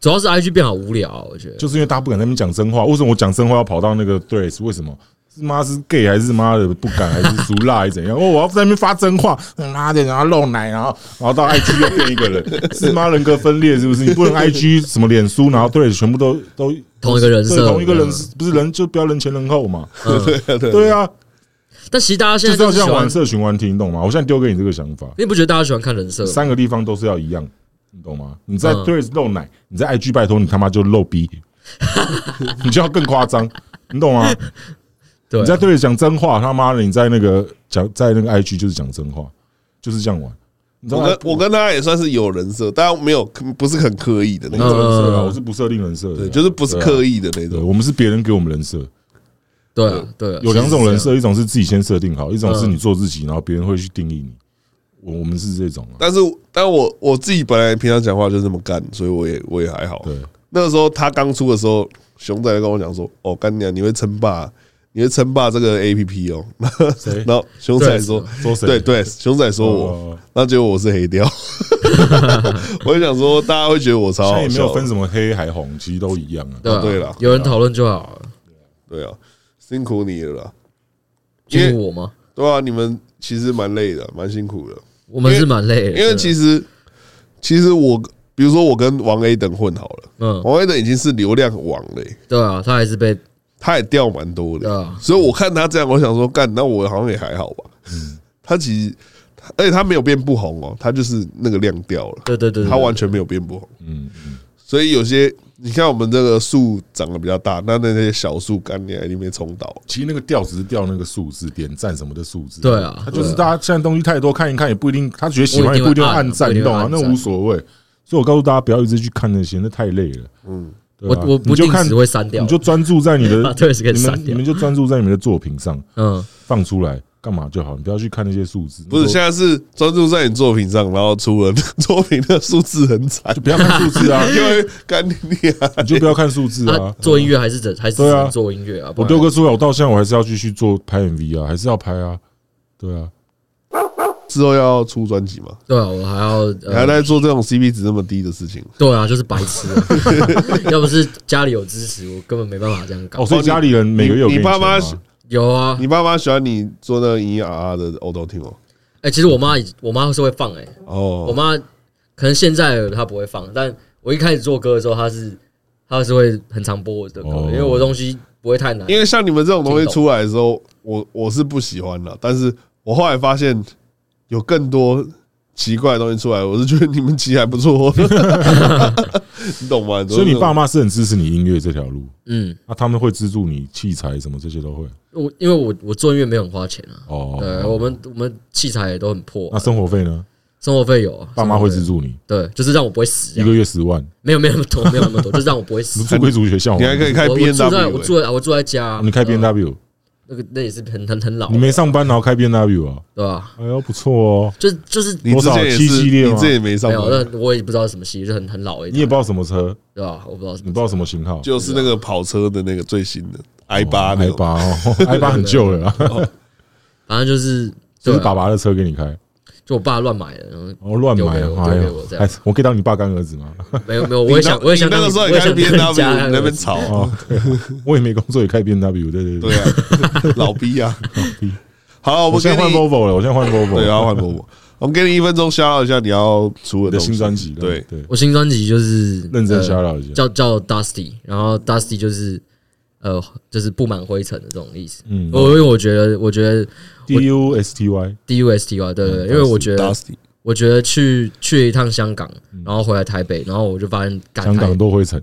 主要是 IG 變好無聊，我覺得就是因為大家不敢在那邊講真話。為什麼我講真話要跑到那個 d 是 c，為什麼？是媽是 gay 還是媽的不敢還是俗辣還是怎樣？ 哦，我要在那邊發真話，媽、嗯啊、的，然後露奶，然後然後到 IG 又變一個人， 是媽嗎 人格分裂是不是？你不能 IG 什麼臉書，然後 Threads 全部都都同一,、就是、同一個人，對、嗯，同一個人不是人就不要人前人後嘛？嗯、對啊！但其實大家現在是就是要這樣玩社群玩聽懂嗎？我現在丟給你這個想法，你不覺得大家喜歡看人設？三個地方都是要一樣，你懂嗎？你在 Threads 露奶，你在 IG 拜托你他媽就露逼， 你就要更誇張，你懂嗎？你在對着講真話，他媽的你在那個講在那個 IG 就是講真話，就是這樣玩。我我跟大家也算是有人設，但沒有不是很刻意的那種人設、嗯，我是不設定人設的，就是不是刻意的那種。對我們是別人給我們人設，對對，有兩種人設，一種是自己先設定好，一種是你做自己，然後別人會去定義你。我們是這種、啊，但是但我我自己本來平常講話就這麼幹，所以我也我也還好。對，那個時候他剛出的時候，熊仔跟我講說：“哦，幹娘你會稱霸。”你是稱霸這個 A P P 哦？那熊仔說說誰？對對，熊仔說我，那結果我是黑雕。 我就想說，大家會覺得我超好笑。現在也沒有分什麼黑還紅，其實都一樣啊，啊。對了，有人討論就好了對。對啊，辛苦你了，辛苦我嗎？對啊，你們其實蠻累的，蠻辛苦的。我們是蠻累的，因為其實其實我，比如說我跟王 A 等混好了，嗯，王 A 等已經是流量王了，欸。對啊，他還是被。他也掉蠻多的，所以我看他這樣，我想說幹，那我好像也還好吧。嗯，他其實，而且他沒有變不紅哦，他就是那個量掉了。對對對，他完全沒有變不紅。嗯，所以有些你看，我們這個樹長得比較大，那那些小樹幹你還面沖倒。其實那個掉只是掉那個數字，點贊什麼的數字。對啊，他就是大家現在東西太多，看一看也不一定，他覺得喜歡也不一定按贊，你懂嗎？那無所謂。所以我告訴大家，不要一直去看那些，那太累了。嗯。對啊，我我不定時會刪掉，你就專注在你的、 啊，對你們刪掉，你們就專注在你們的作品上，嗯，放出來幹嘛就好，你不要去看那些數字。不是現在是專注在你作品上，然後出了作品的數字很慘，啊，就不要看數字啊， 因為幹你、啊、你就不要看數字啊，啊。做音樂還是怎還是做音樂啊？我丟個出來，我到現在我還是要繼續做拍 MV 啊，還是要拍啊，對啊。之後要出專輯嘛？對啊，我還要、呃、還在做這種 CP 值那麼低的事情。對啊，就是白痴、啊。 要不是家裡有支持，我根本沒辦法這樣搞。哦、所以家裡人每個月你，你爸媽有啊？你爸媽喜歡你做那咿咿啊啊的 auto-tune 哦。哎，其實我媽我媽是會放哎、欸。哦。我媽可能現在她不會放，但我一開始做歌的時候，她是她是會很常播我的歌，哦、因為我的東西不會太難。因為像你們這種東西出來的時候，我我是不喜歡的，但是我後來發現。有更多奇怪的東西出來，我是覺得你們其實還不錯， 你懂嗎？所以你爸媽是很支持你音樂這條路，嗯，那、啊、他們會資助你器材什麼這些都會。我因為我我做音樂沒有很花錢啊，哦，對嗯、我們我們器材也都很破、啊。那生活費呢？生活費有，爸媽會資助你。對，就是讓我不會死，一個月十萬，沒有沒有那麼多，沒有那麼多， 就是讓我不會死。貴族學校，你還可以開 B N W，我，我住在我住在，我住在，我，住在我住在家，哦呃、你開 B N W。那個那也是很很很老，你沒上班然後開 BMW 啊，對吧、啊？哎呦不錯哦，就是就是多少七系列，你這也沒上班沒有，那我也不知道什麼系列，就很很老一點，你也、啊、不知道什麼車，對吧、啊？我不知道，你不知道什麼型號，就是那個跑車的那個最新的、啊、i 八、oh, i 八哦、oh,，i 八很舊了， 反正就是、啊、就是爸爸的車給你開。就我爸亂買的，然後我亂、哦、買了給我，哎,哎我可以當你爸乾兒子嗎？沒有沒有，我也想，你我也想你你那個時候也開 B N W，在那邊吵啊、哦，我也沒工作，也開 B N W。對對對，對啊, 老 B 啊，老逼啊，老逼，好，我,們我現在換 Volvo 了，我現在換 Volvo，對，我要換 Volvo，我們給你一分鐘 shout 一下你要出的新專輯，對對，我新專輯就是認真 shout 一下，呃、叫叫 Dusty，然後 Dusty 就是。呃，就是佈滿灰塵的這種意思。嗯，我因為我覺得，我覺得，dusty，dusty，對對對，因為我覺得、嗯。Dusty, Dusty 我覺得去去一趟香港，然後回來台北，然後我就發現，香港都灰塵，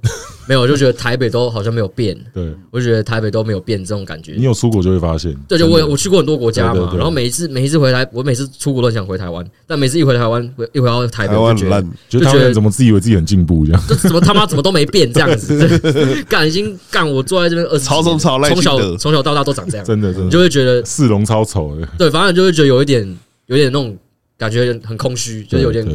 沒有，我就覺得台北都好像沒有變。對，我覺得台北都沒有變，沒有變這種感覺。你有出國就會發現，對，就我我去過很多國家嘛，對對對對，然後每一次每一次回來，我每次出國都很想回台灣，但每次一回台灣，回一回到台北我就覺得，台灣爛，就覺得怎麼自己以為自己很進步一樣，怎麼他媽怎麼都沒變這樣子，干心 經干，我坐在這邊二十，從小從小到大都長這樣，真的真的，你就會覺得四龍超醜的，對，反正就會覺得有一點有一點那種。感覺很空虛，就有點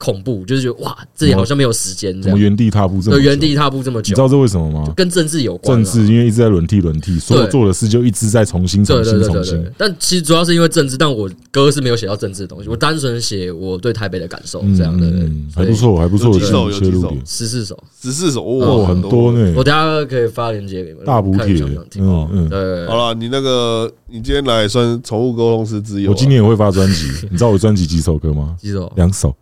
恐怖就是覺得哇，這裡好像沒有時間，怎麼原地踏步這麼久？原地踏步這麼久，你知道這為什麼嗎？跟政治有關。政治因為一直在輪替，替，輪替所有做的事就一直在重新、重新、重新。但其實主要是因為政治，但我歌是沒有寫到政治的東西，我單純寫我對台北的感受這樣的、嗯。還不錯，還不錯，幾首有幾首，十四首，十四首，首，首哇哦，很多呢。我等下可以發鏈接給你們。大補帖。想想嗯嗯，對，對。好了，你那個你今天來算寵物溝通師之友，我今年也會發專輯， 你知道我專輯幾首歌嗎？幾首？兩首。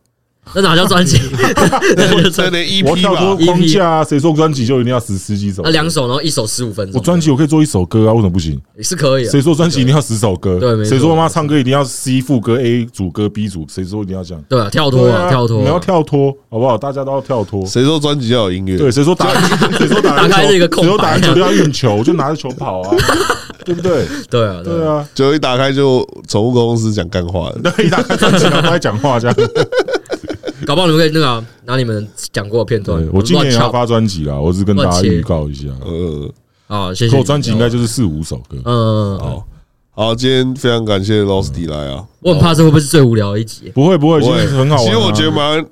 那哪叫專輯 那？ 我跳脫框架啊！誰說專輯就一定要十十幾首？兩首，然後一首十五分鐘。我專輯我可以做一首歌啊，為什麼不行？是可以。誰說專輯一定要十首歌？對，誰說他媽唱歌一定要 C 副歌 A 組歌 B 組？誰說一定要這樣？對，跳脫啊，跳脫、啊！跳啊啊跳啊、你要跳脫好不好？大家都要跳脫。誰說專輯要有音樂？對，誰說打？誰說打開這個空。誰說打籃球就要運球？就拿着球跑啊，對不對？對啊，對啊！結果、啊啊、一打開就寵物公司講幹話，對，一打開專輯他在講話這樣。搞不好你們可以那個拿你們講過的片段。我今年也要發專輯了，我只是跟大家預告一下。呃，好，謝謝。可我專輯應該就是四五首歌。嗯嗯嗯。好，好，今天非常感謝 Losty 來、嗯、啊。我很怕這會不會是最無聊的一集？不會不會，其實很好玩、啊。其實我覺得蠻，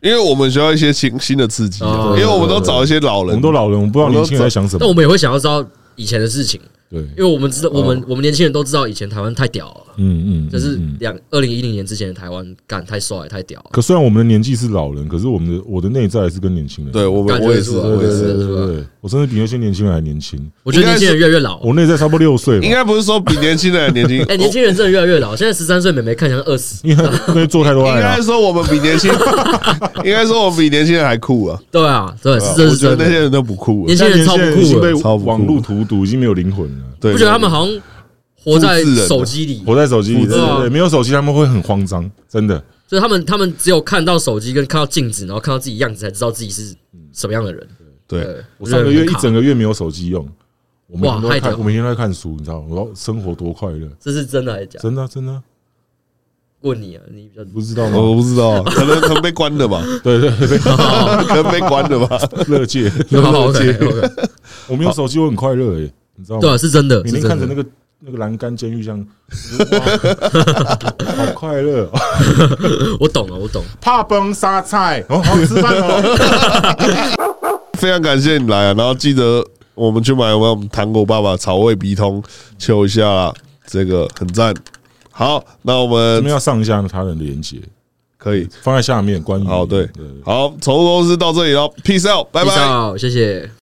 因為我們需要一些新新的刺激、啊嗯，因為我們都找一些老人，嗯、很多老人，我不知道年輕人在想什麼、嗯。但我們也會想要知道以前的事情。對，因為我們知道，我們我們年輕人都知道，以前台灣太屌了。嗯嗯，就是兩二零一零年之前的台灣，感太帥太屌。嗯嗯嗯嗯嗯、可雖然我們的年紀是老人，可是我們的我的內在還是跟年輕人。對我我也是，我也是，對，對，對我真的比那些年輕人還年輕。我覺得年輕人越來越老。我內在差不多六歲。應該不是說比年輕人還年輕。哎，年輕人真的越來越老。現在十三歲美眉看起來二十，因為做太多。啊、應該說我們比年輕，應該說我們比年輕人還酷啊！對啊，對是，真是真那些人都不酷，年輕人超酷了，被網路荼毒已經沒有靈魂了。我覺得他們好像活在手機裡，活在手機裡，對，沒有手機他們會很慌張，真的。就是他們，他們只有看到手機，跟看到鏡子，然後看到自己樣子，才知道自己是什麼樣的人。對，對我上個月一整個月沒有手機用，我們在看，我每天在看書，你知道，我道生活多快樂。這是真的還是假的？真的真的。問你啊，你不知道嗎、哦？我不知道，可能可能被關了吧？ 對,對對， 可能被關了吧？樂 樂界， 好好聽。Okay, okay. 我沒有手機，我很快樂耶。你知道嗎？對、啊、是真的，每天看着那個那個欄杆監獄，這樣 好快樂樂、哦。 我懂了，我懂。帕邦沙菜，哦，好吃飯哦。了 非常感謝你來啊！然後記得我們去買我們糖果爸爸草味鼻通，求一下啦，這個很贊。好，那我們這邊要上一下他的連結，可以放在下面。關於好，對，對對對好，寵物公司到這裡哦 peace out，拜拜，謝謝。